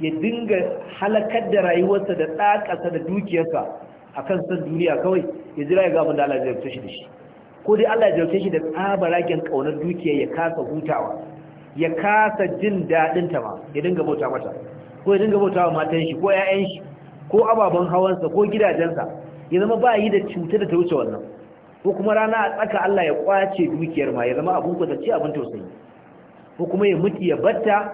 Speaker 1: ya dinga halakar da rayuwarsa da ɗakasa da dukiyarsa akan san duniya kawai ya jira ya ga abin da Allah zai fito shi da shi ko dai Allah ya jauke shi da tsabaragen kaunar dukiya ya kasa hutawa ya kasa jin dadin ta ma ya dinga bauta mata ko ya dinga bauta wa matan shi ko ƴaƴan shi ko ababen sa, ko gidajen sa, ya zama ba yi da cuta da ta wuce wannan ko kuma rana a tsaka Allah ya kwace dukiyar ma ya zama abun kwatacce abin tausayi ko kuma ya mutu ya batta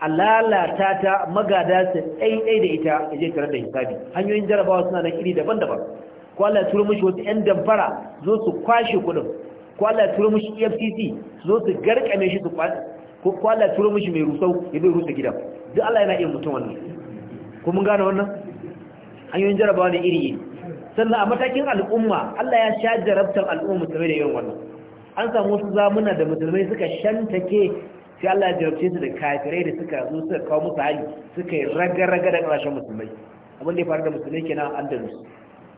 Speaker 1: a lalata ta magada su ɗaiɗai da ita ya je tare da hisabi hanyoyin jarabawa suna da iri daban-daban ko Allah ya turo mushi wasu ƴan damfara zo su kwashe kudin ko Allah ya turo mushi EFCC zo su garkame shi su kwashe ko Allah ya turo mushi mai rusau ya bai rusa gidan duk Allah yana iya mutum wannan ko mun gane wannan hanyoyin jarabawa ne iri iri sannan a matakin al'umma Allah ya sha jarabtar al'umma musulmai da yawan wannan an samu wasu zamuna da musulmai suka shantake sai Allah ya jarabce su da kafirai da suka zo suka kawo musu hali suka yi raga-raga da ƙarshen musulmai abin da ya faru da musulmai kenan an Andalus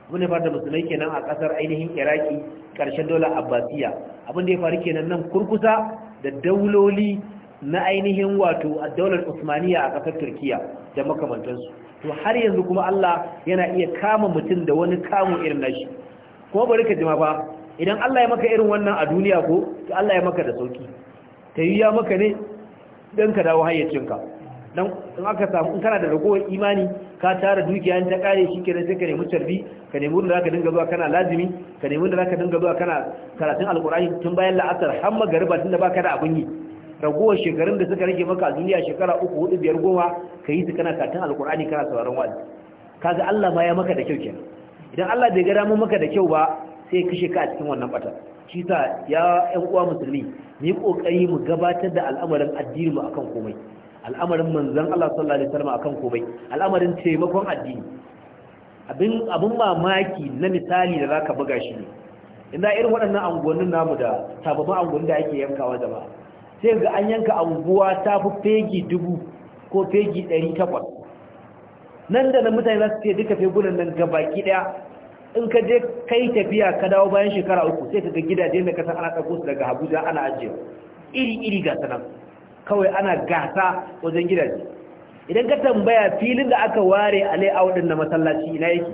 Speaker 1: abin da ya da musulmai kenan a kasar ainihin iraki karshen dola abbasiya abin da ya faru kenan nan kurkusa da dauloli na ainihin wato a daular usmaniya a kasar turkiya da makamantansu to har yanzu kuma allah yana iya kama mutum da wani kamun irin nashi kuma bari ka jima ba idan allah ya maka irin wannan a duniya ko to allah ya maka da sauki ta yi ya maka ne don ka dawo hayyacinka don in aka samu in kana da ragowar imani ka tara dukiya ta kare shi kenan sai ka nemi tarbi ka nemi wanda zaka dinga zuwa kana lazimi ka nemi wanda zaka dinga zuwa kana karatun alqur'ani tun bayan la'asar har magariba tun da baka da abin yi ragowar shekarun da suka rage maka a duniya shekara uku hudu biyar goma ka yi su kana karatun alqur'ani kana sauraron wa'azi kaga Allah ma ya maka da kyau kenan idan Allah bai ga mu maka da kyau ba sai kashe ka a cikin wannan bata shi sa ya ƴan uwa musulmi mu yi kokari mu gabatar da al'amarin addini mu akan komai al'amarin manzon Allah sallallahu alaihi wasallam akan komai al'amarin taimakon addini abin abin mamaki na misali da zaka buga shi ne inda irin waɗannan angonin namu da sababbin angon da ake yankawa ba? sai ga an yanka anguwa ta fi fegi dubu ko fegi ɗari takwas nan da na mutane za su ce duka fegunan nan ga baki ɗaya in ka je kai tafiya ka dawo bayan shekara uku sai ka ga gidaje da kasan ana ɗauko su daga abuja ana ajiye iri iri ga sanan kawai ana gasa wajen gidaje idan ka tambaya filin da aka ware a layout din na masallaci ina yake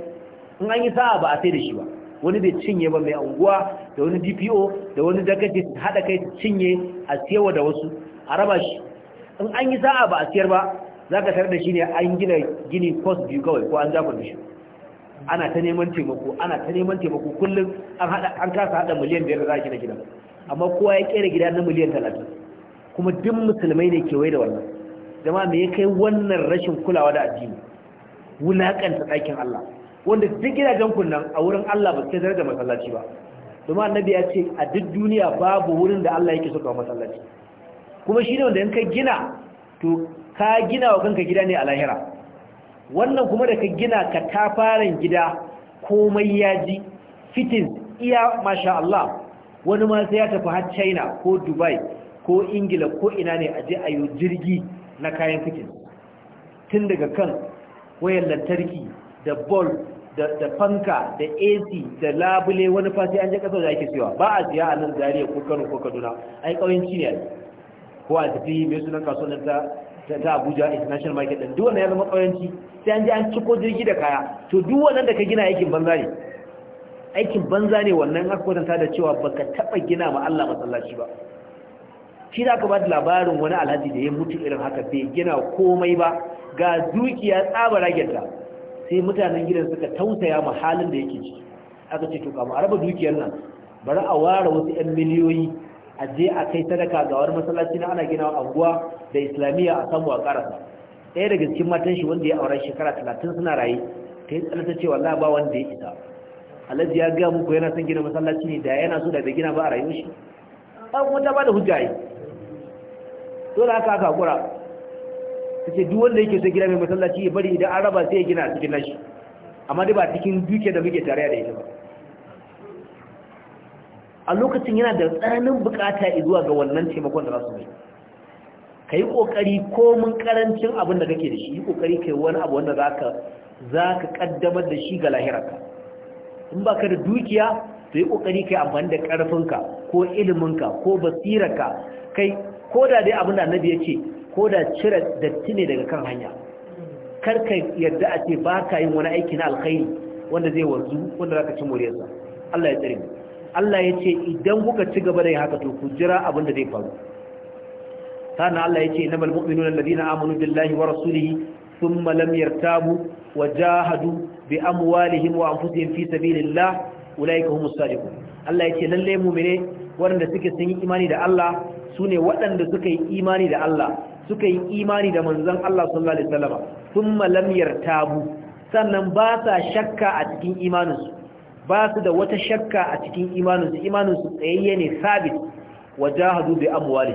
Speaker 1: in an yi sa'a ba a sai da shi ba wani bai cinye ba mai anguwa da wani DPO da wani dakaci su haɗa kai su cinye a siyawa da wasu a raba shi in an yi sa'a ba a siyar ba za ka tarar da shi ne an gina gini cost biyu kawai ko an jafa da shi ana ta neman taimako ana ta neman taimako kullum an kasa haɗa miliyan biyar da za a gina gidan amma kowa ya kera gida na miliyan talatin kuma duk musulmai ne kewaye da wannan jama'a me ya kai wannan rashin kulawa da addini wulakanta ɗakin Allah wanda duk gidajen kunnan a wurin Allah ba sai daraja masallaci ba domin annabi ya ce a duk duniya babu wurin da Allah yake so ka masallaci kuma shi ne wanda in ka gina to ka gina wa kanka gida ne a lahira wannan kuma da ka gina ka fara gida komai ya ji fitin iya masha Allah wani ma sai ya tafi har China ko Dubai ko ingila ko ina ne a je a yi jirgi na kayan fikin tun daga kan wayan lantarki da bol da fanka da ac da labule wani fasi an je kasar da ake cewa, ba a siya a nan zariya ko kano ko kaduna ai ƙauyenci ne ko a tafi mai sunan kasuwar ta ta abuja international market din duk ya zama ƙauyenci sai an je an ciko jirgi da kaya to duk da ka gina aikin banza ne aikin banza ne wannan aka kwatanta da cewa baka taba gina ma allah masallaci ba shi za ka ba da labarin wani alhaji da ya mutu irin haka bai gina komai ba ga dukiya tsaba ragensa sai mutanen gidan suka tausaya ma halin da yake ci aka ce to kama a raba dukiyar nan bari a ware wasu 'yan miliyoyi a je a kai sadaka ga wani masallaci na ana gina anguwa da islamiyya a samu a karasa ɗaya daga cikin matan shi wanda ya aure shekara talatin suna raye ta yi tsananta cewa la ba wanda ya isa alhaji ya gaya muku yana son gina masallaci ne da yana so da gina ba a rayuwar shi ba kuma ta ba da hujja dole haka aka hakura ta ce duk wanda yake so gida mai masallaci ya bari idan an raba sai ya gina a cikin nashi amma dai ba cikin duke da muke tare da ita ba a lokacin yana da tsananin bukata zuwa ga wannan taimakon da za su mai ka yi ƙoƙari komin ƙarancin abin da kake da shi yi ƙoƙari ka yi wani abu wanda za ka kaddamar da shi ga lahirarka in ba ka da dukiya to yi ƙoƙari ka yi amfani da ƙarfinka ko iliminka ko basirarka kai ko da dai abin da annabi ya ce ko da cire datti ne daga kan hanya kar ka a ce ba ka yin wani aiki na alkhairi wanda zai wanzu wanda zaka ci moriyarsa Allah ya tsare mu Allah ya ce idan kuka ci gaba da yin haka to ku jira abin da zai faru na Allah ya ce innamal mu'minuna alladhina amanu billahi wa rasulihi thumma lam yartabu wa jahadu bi amwalihim wa anfusihim fi sabilillah ulaika humus sadiqun Allah ya ce lalle mu'mine wanda suke sun yi imani da Allah sune waɗanda suka yi imani da Allah suka yi imani da manzon Allah sallallahu alaihi sun thumma lam sannan ba sa shakka a cikin imaninsu ba su da wata shakka a cikin imaninsu imaninsu tsayayye ne sabit wajahadu bi amwali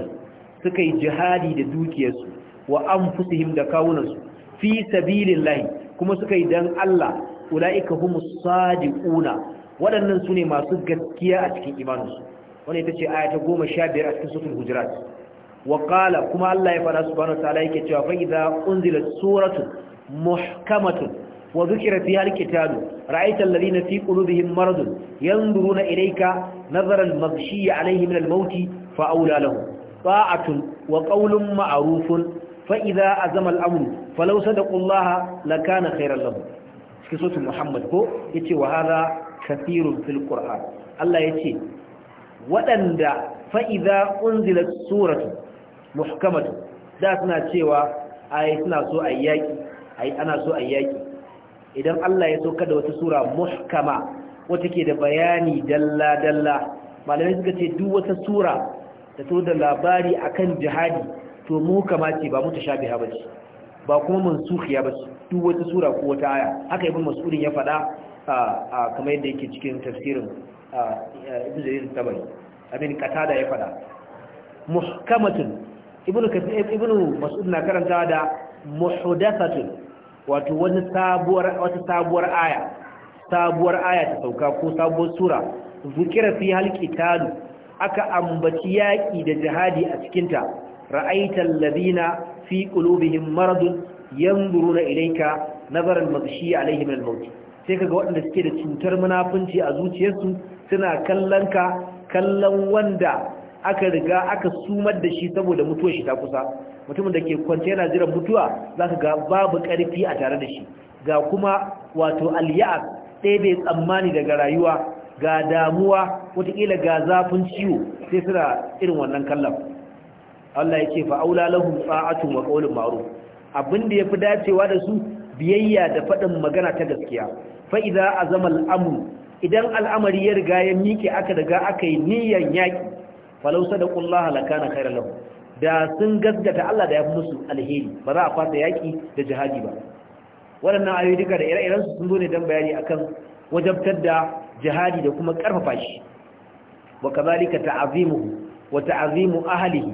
Speaker 1: suka yi jihadi da dukiyarsu wa anfusihim da kawunansu fi sabilillahi kuma suka yi dan Allah ulaika humus sadiquna waɗannan su ne masu gaskiya a cikin imaninsu wani ita ce aya ta goma sha biyar a cikin sutun hujurat Waƙala kuma Allah ya fara subhanahu wa ta'ala yake cewa fa idza unzilat suratun muhkamatun wa dhukira fiha al-qitalu ra'aita alladhina fi qulubihim maradun yanzuruna ilayka nazara al-maghshi alayhi min al-maut fa awla lahum ta'atun wa qawlun ma'rufun fa idza azama al-amru falau sadaqullaha lakana khayran lahu cikin suratul muhammad ko yace wa hadha kathirun fil qur'an Allah yace waɗanda fa'iza ƙunzila suratu muhkamatu da suna cewa ai suna so a yaƙi ana so a yaƙi idan Allah ya so kada wata sura muhkama wata ke da bayani dalla-dalla malamai suka ce duk wata sura da to da labari akan jihadi to muhkama ce ba mutu sha ba ce ba kuma mansukhiya ba ce duk wata sura ko wata aya haka ibn mas'udin ya faɗa kamar yadda yake cikin tafsirin ibn jarir tabari abin qatada ya fada muhkamatun ibnu kathir eh, ibnu mas'ud na karanta da muhdathatun wato wani sabuwar wata sabuwar aya sabuwar aya ta sauka ko sabuwar sura zikira fi halqi talu aka ambaci yaki da jihadi a cikin ta ra'aital ladina fi qulubihim maradun yanzuruna ilayka nazara al-maghshi alayhi min al-maut sai kaga waɗanda suke da cutar munafunci a zuciyarsu suna kallon ka kallon wanda aka riga aka sumar da shi saboda mutuwar shi ta kusa mutumin da ke kwance yana jiran mutuwa za ka ga babu karfi a tare da shi ga kuma wato aliyar ɗaya bai tsammani daga rayuwa ga damuwa wataƙila, ga zafin ciwo sai suna irin wannan kallon Allah ya ce fa'aula lahum sa'atun wa qawlun ma'ruf abin da yafi dacewa da su biyayya da faɗin magana ta gaskiya fa idza azama al-amru idan al'amari ya riga ya miƙe aka daga aka yi niyyar yaƙi falau sadaqullah na khairan lau, da sun gaskata Allah da ya fi musu alheri ba za a fasa yaƙi da jihadi ba waɗannan ayoyi duka da ire irensu sun zo ne don bayani akan wajabtar da jihadi da kuma ƙarfafa shi wa kazalika ta'azimuhu wa ta'azimu ahlihi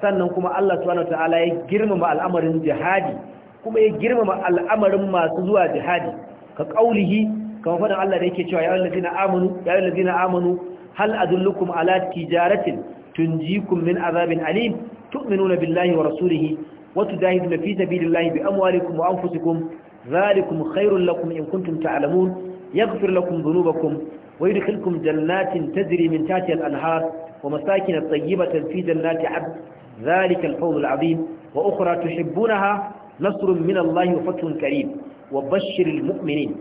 Speaker 1: sannan kuma Allah subhanahu ta'ala ya girmama al'amarin jihadi kuma ya girmama al'amarin masu zuwa jihadi ka ƙaulihi. kamar faɗin Allah da yake cewa ya wallazina amanu amanu hal adullukum ala tijaratin tunjikum min azabin alim tu'minuna billahi wa rasulihi wa tudahiduna fi sabilillahi bi amwalikum wa anfusikum zalikum khairun lakum in kuntum ta'lamun yaghfir lakum dhunubakum wa yudkhilukum jannatin tajri min tahtiha al-anhar wa masakin tayyibatan fi jannati 'abd dhalika al-fawzul 'azim wa ukhra tuhibbunaha nasrun min Allah wa fathun karim wa bashshiril mu'minin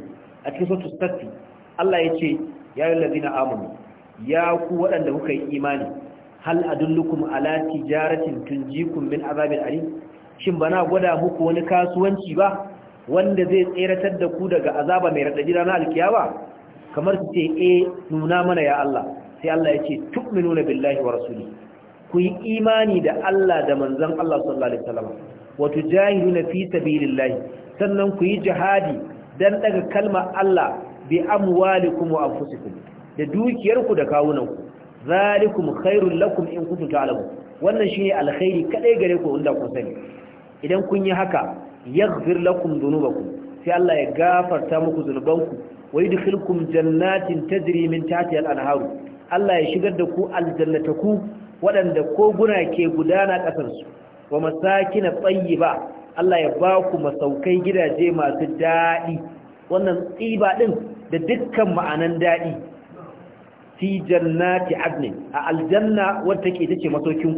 Speaker 1: a cikin sautu Allah ya ce ya yi lalzina amonu ya ku waɗanda kuka yi imani hal adullukum jaratin tun jikun min azabin alim shin bana gwada muku wani kasuwanci ba wanda zai tseratar da ku daga azaba mai raɗaɗi alkiya ba kamar su ce e nuna mana ya Allah sai Allah ya ce nuna billahi wa rasuli ku yi imani da Allah da manzon Allah sallallahu alaihi wasallam jahilu tujahiduna fi sabilillahi sannan ku yi jihadi dan daga kalmar Allah bi amwalikum wa anfusikum da dukiyarku da kawunanku zalikum khairun lakum in kuntum ta'lamun wannan shine alkhairi kadai gare ku inda ku sani idan kun yi haka yaghfir lakum dhunubakum sai Allah ya gafarta muku zunubanku wa yudkhilukum jannatin ta min tahtiha al-anharu Allah ya shigar da ku aljannataku waɗanda koguna ke gudana ƙasarsu wa na tsayi ba Allah ya ba ku masaukai gidaje masu daɗi wannan tsiba ɗin da dukkan ma'anan daɗi fi jannati adnin a aljanna wadda ke tace masaukin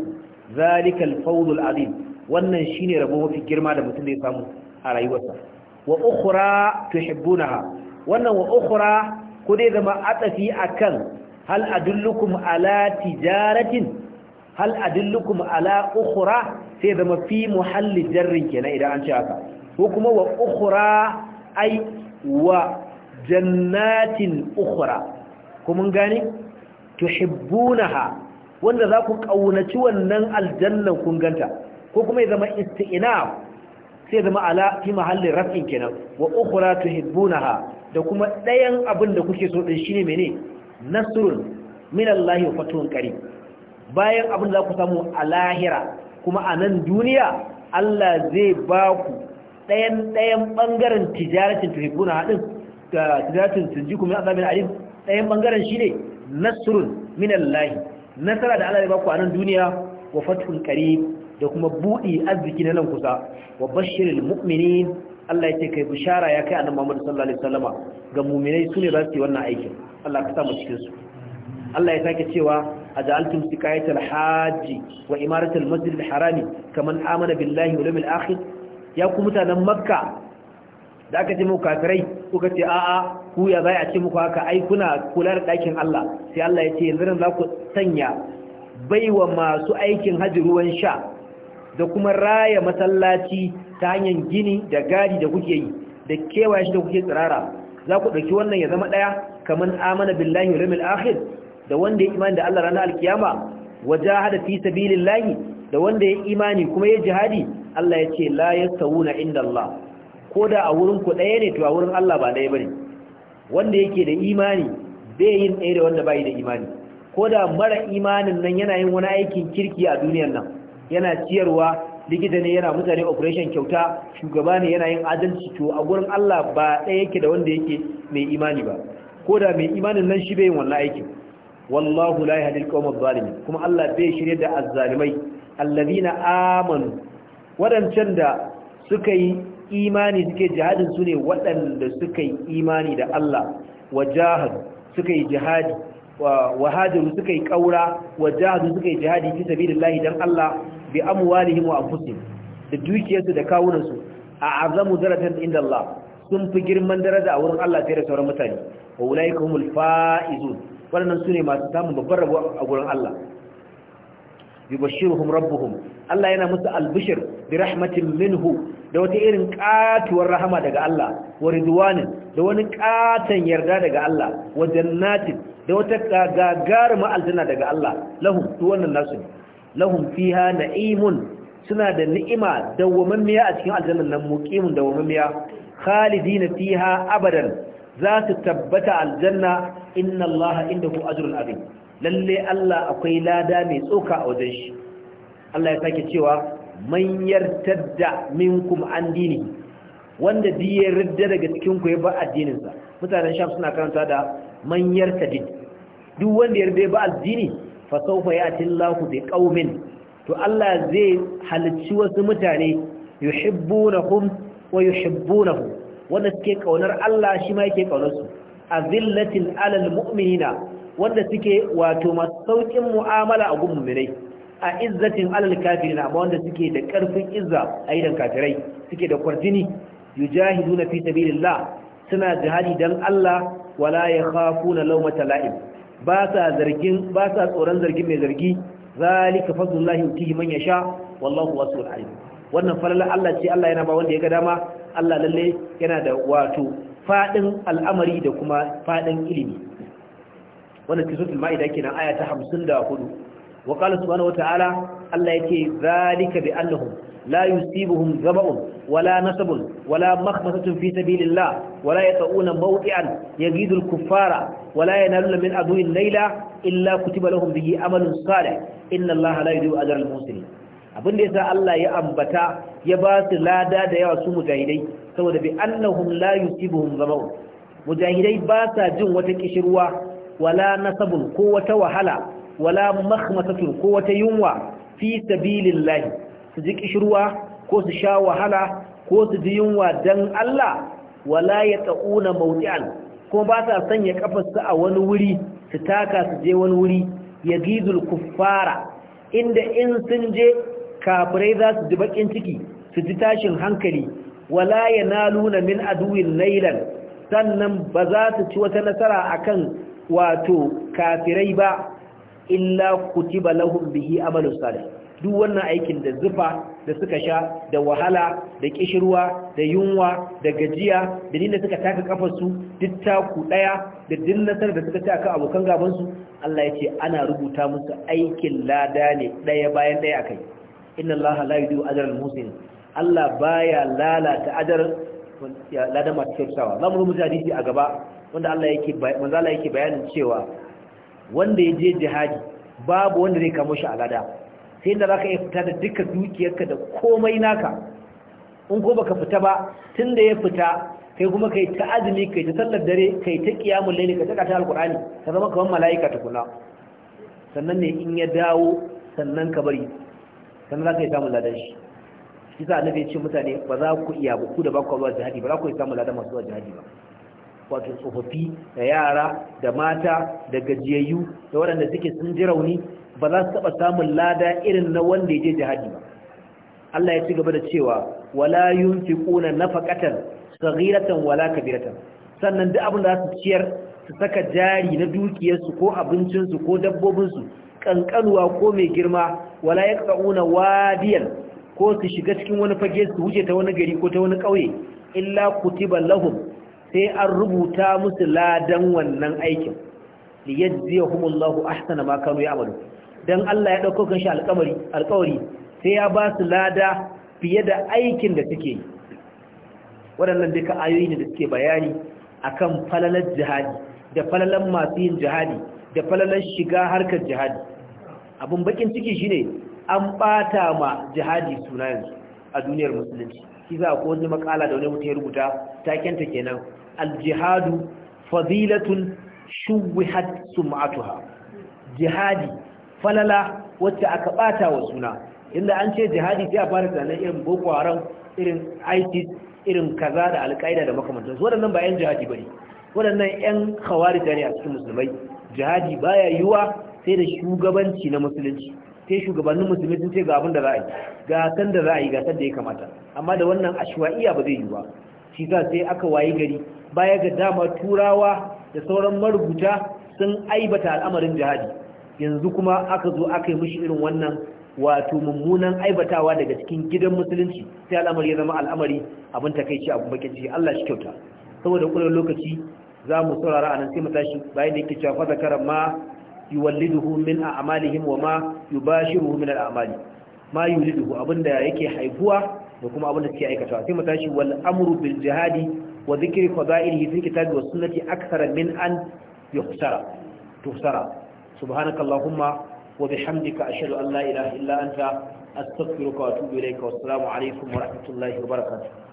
Speaker 1: zalikal alfawzul azim wannan shine rabo mafi girma da mutum ya samu a rayuwarsa wa ukhra tuhibbunaha wannan wa ukhra ku dai zama atafi akan Hal'adun lukum ala tijaratin Hal'adun lukum ala ukhra sai zama fi muhalli jarrin kenan idan an ce haka ko kuma wa ai wa jannatin ukura. kuma gani tuhibbunaha wanda za ku ƙaunaci wannan aljannan kun ganta ko kuma ya zama isti'naf sai zama ala fi mahalli raf'in kenan wa ukhra tuhibbunaha da kuma ɗayan abin da kuke so din shine mene Nasirun. min Allah wa fatun bayan abin da za ku samu a lahira kuma a nan duniya Allah zai ba ku ɗayan ɗayan ɓangaren tijaratin tuhibuna haɗin ga tijaratin tunjiku min azabin alim ɗayan ɓangaren shi ne nasrun minallahi nasara da Allah ya ba ku a nan duniya wa fathun qarib da kuma buɗi arziki na nan kusa wa bashirin mu'mini Allah ya ce kai bishara ya kai annabi Muhammadu sallallahu alaihi wasallama ga mu'minai sune za su yi wannan aikin Allah ka sa mu cikin su Allah ya sake cewa aj'altum siqayatal hajji wa imaratal masjidil harami kaman amana billahi wal yawmil akhir ya ku mutanen makka da aka ce muku kafirai kuka ce a'a ku ya zai a ce muku haka ai kuna kula da ɗakin Allah sai Allah ya ce yanzu nan za ku sanya baiwa masu aikin hajji ruwan sha da kuma raya masallaci ta hanyar gini da gadi da kuke yi da kewaye shi da kuke tsirara za ku ɗauki wannan ya zama ɗaya kamar amana billahi wa akhir da wanda ya imani da Allah ranar alkiyama wajahada fi sabilillahi da wanda ya imani kuma ya jihadi Allah ya ce la yastawuna inda Allah ko da a wurin ku ɗaya ne to a wurin Allah ba ɗaya ba ne. wanda yake da imani bai yin ɗaya da wanda bai da imani ko da mara imanin nan yana yin wani aikin kirki a duniyar nan yana ciyarwa likita ne yana mutane operation kyauta shugaba ne yana yin adalci to a gurin Allah ba ɗaya yake da wanda yake mai imani ba ko da mai imanin nan shi bai yin wannan aikin wallahu la yahdi al-qawma kuma Allah bai shirya da azzalimai alladhina amanu Waɗancan da suka imani suke jihadin su ne waɗanda suka imani da Allah wajahadu suka jihadi wa hajaru suka yi ƙaura wajahadu suka yi jihadi fi sabilillahi dan Allah bi amwalihim wa anfusihim da dukiyarsu da kawunansu a azamu daratan inda Allah sun fi girman daraja a wurin Allah fiye da sauran mutane wa ulaika humul waɗannan su ne masu samun babbar rabo a gurin Allah yubashiruhum rabbuhum Allah yana musu albishir bi rahmatin minhu da wata irin katuwar rahama daga Allah wa ridwanin da wani katan yarda daga Allah wa jannatin da wata gagarumar aljanna daga Allah lahum su wannan nasu lahum fiha na'imun suna da ni'ima dawwamammiya a cikin aljannan nan muqimun dawwamammiya khalidina fiha abadan za su tabbata aljanna inna Allah indahu ajrun azim lalle Allah akwai lada mai tsoka a wajen shi Allah ya sake cewa man yartadda minkum an dini wanda bi ridda daga cikin ku ya ba addinin sa mutanen sham suna karanta da man did. duk wanda ya ridda ba addini fa sawfa ya'ti Allahu bi qaumin to Allah zai halicci wasu mutane yuhibbunahum wa yuhibbunahu wanda suke kaunar Allah shi ma yake kaunar su zillatin alal mu'minina wanda suke wato masu saukin mu'amala a gun mu'minai a izzatin alal kafirina amma wanda suke da karfin izza a idan kafirai suke da kwarjini na fi sabilillah suna jihadi dan Allah wala yakhafuna lawmata la'im ba sa zargin ba sa tsoron zargin mai zargi zalika fadlullahi yutihi man yasha wallahu wasu alim wannan falala Allah ce Allah yana ba wanda ya ga dama Allah lalle yana da wato fadin al'amari da kuma fadin ilimi wannan kisotul ma'ida kenan aya ta 54 wa qala subhanahu wa ta'ala Allah yake zalika bi annahum la yusibuhum zaba'un wala nasabun wala makhmasatun fi sabilillah wala yata'una mawdi'an yagidu al-kuffara wala yanaluna min aduwin layla illa kutiba lahum bihi amalun salih inna Allah la yudhi'u ajra al-muhsinin abinda yasa Allah ya ambata ya ba su lada da yawa su mujahidai saboda bi annahum la yusibuhum zamau mujahidai ba sa jin wata kishirwa wala nasabun ko wata wahala wala makhmasatun ko wata yunwa fi sabilillahi su ji kishirwa ko su sha wahala ko su ji yunwa dan Allah wala yatauna mawdi'an ko ba sa sanya kafarsu a wani wuri su taka su je wani wuri yagidul kuffara inda in sun je kafirai za su ji bakin ciki su ji tashin hankali wala yanaluna min aduwin nailan sannan ba za su ci wata nasara akan wato kafirai ba illa kutiba lahum bihi amalus salih duk wannan aikin da zufa da suka sha da wahala da kishirwa da yunwa da gajiya da dinda suka taka kafarsu duk taku daya da din nasarar da suka ci akan abokan gabansu Allah ya ce ana rubuta musu aikin lada ne daya bayan daya akai inna Allah la ajra al musin Allah baya lalata ajar ladan masu kyautawa zamu mu hadisi a gaba wanda Allah yake manzo Allah yake bayanin cewa wanda ya je jihadi babu wanda zai kamo shi a lada sai da zaka iya fita da duka dukiyarka da komai naka in ko baka fita ba tunda ya fita kai kuma kai ta azumi kai ta sallar dare kai ta qiyamul layli kai ta alqur'ani ka zama kamar malaika kula sannan ne in ya dawo sannan ka bari sannan za ka yi samun ladan shi shi sa annabi ya ce mutane ba za ku iya ba ku da ba zuwa jihadi ba za ku yi samun ladan masu zuwa jihadi ba wato tsofaffi da yara da mata da gajiyayyu da waɗanda suke sun ji rauni ba za su taɓa samun lada irin na wanda ya je jihadi ba Allah ya ci gaba da cewa wala yunfiquna nafaqatan saghiratan wala kabiratan sannan duk abin da za su ciyar su saka jari na dukiyarsu ko abincinsu ko dabbobinsu kankanuwa ko mai girma wala yaqta'una wadiyan ko su shiga cikin wani fage su wuce ta wani gari ko ta wani ƙauye illa kutiba lahum sai an rubuta musu ladan wannan aikin li yajziyahumullahu ahsana ma kanu ya'malu dan Allah ya ɗauko kan shi alƙawari sai ya ba su lada fiye da aikin da suke yi waɗannan duka ayoyi ne da suke bayani akan falalar jihadi da falalar masu yin jihadi da falalar shiga harkar jihadi abin bakin ciki shine an bata ma jihadi suna yanzu a duniyar musulunci shi za ko wani makala da wani mutum ya rubuta takenta kenan aljihadu fazilatun, shuwihat sum'atuha jihadi falala wacce aka bata wa suna inda an ce jihadi sai a fara tunanin irin boko haram irin isis irin kaza da alƙaida da makamantansu waɗannan ba 'yan jihadi ba ne waɗannan 'yan khawarija ne a cikin musulmai jihadi baya yiwa sai da shugabanci na musulunci sai shugabannin musulmi sun ce ga abin da ra'ayi ga san da ra'ayi ga san da ya kamata amma da wannan ashwa'iya ba zai yi ba shi sa sai aka wayi gari baya ga dama turawa da sauran marubuta sun aibata al'amarin jihadi yanzu kuma aka zo aka yi mishi irin wannan wato mummunan aibatawa daga cikin gidan musulunci sai al'amari ya zama al'amari abin ta takaici abin bakin ciki Allah shi kyauta saboda kullum lokaci za mu saurara anan sai mu tashi bayan da yake cewa fa zakara ma yuwalliduhu min a'malihim wa ma yubashiruhu min al'amali ma yuliduhu abinda yake haifuwa da kuma abinda suke aikata sai mu tashi wal amru bil jihadi wa dhikri fada'ilihi fil kitabi was sunnati akthara min an yuhsara tuhsara subhanakallahumma wa bihamdika ashhadu an la ilaha illa anta astaghfiruka wa atubu ilayka wassalamu alaikum wa rahmatullahi wa barakatuh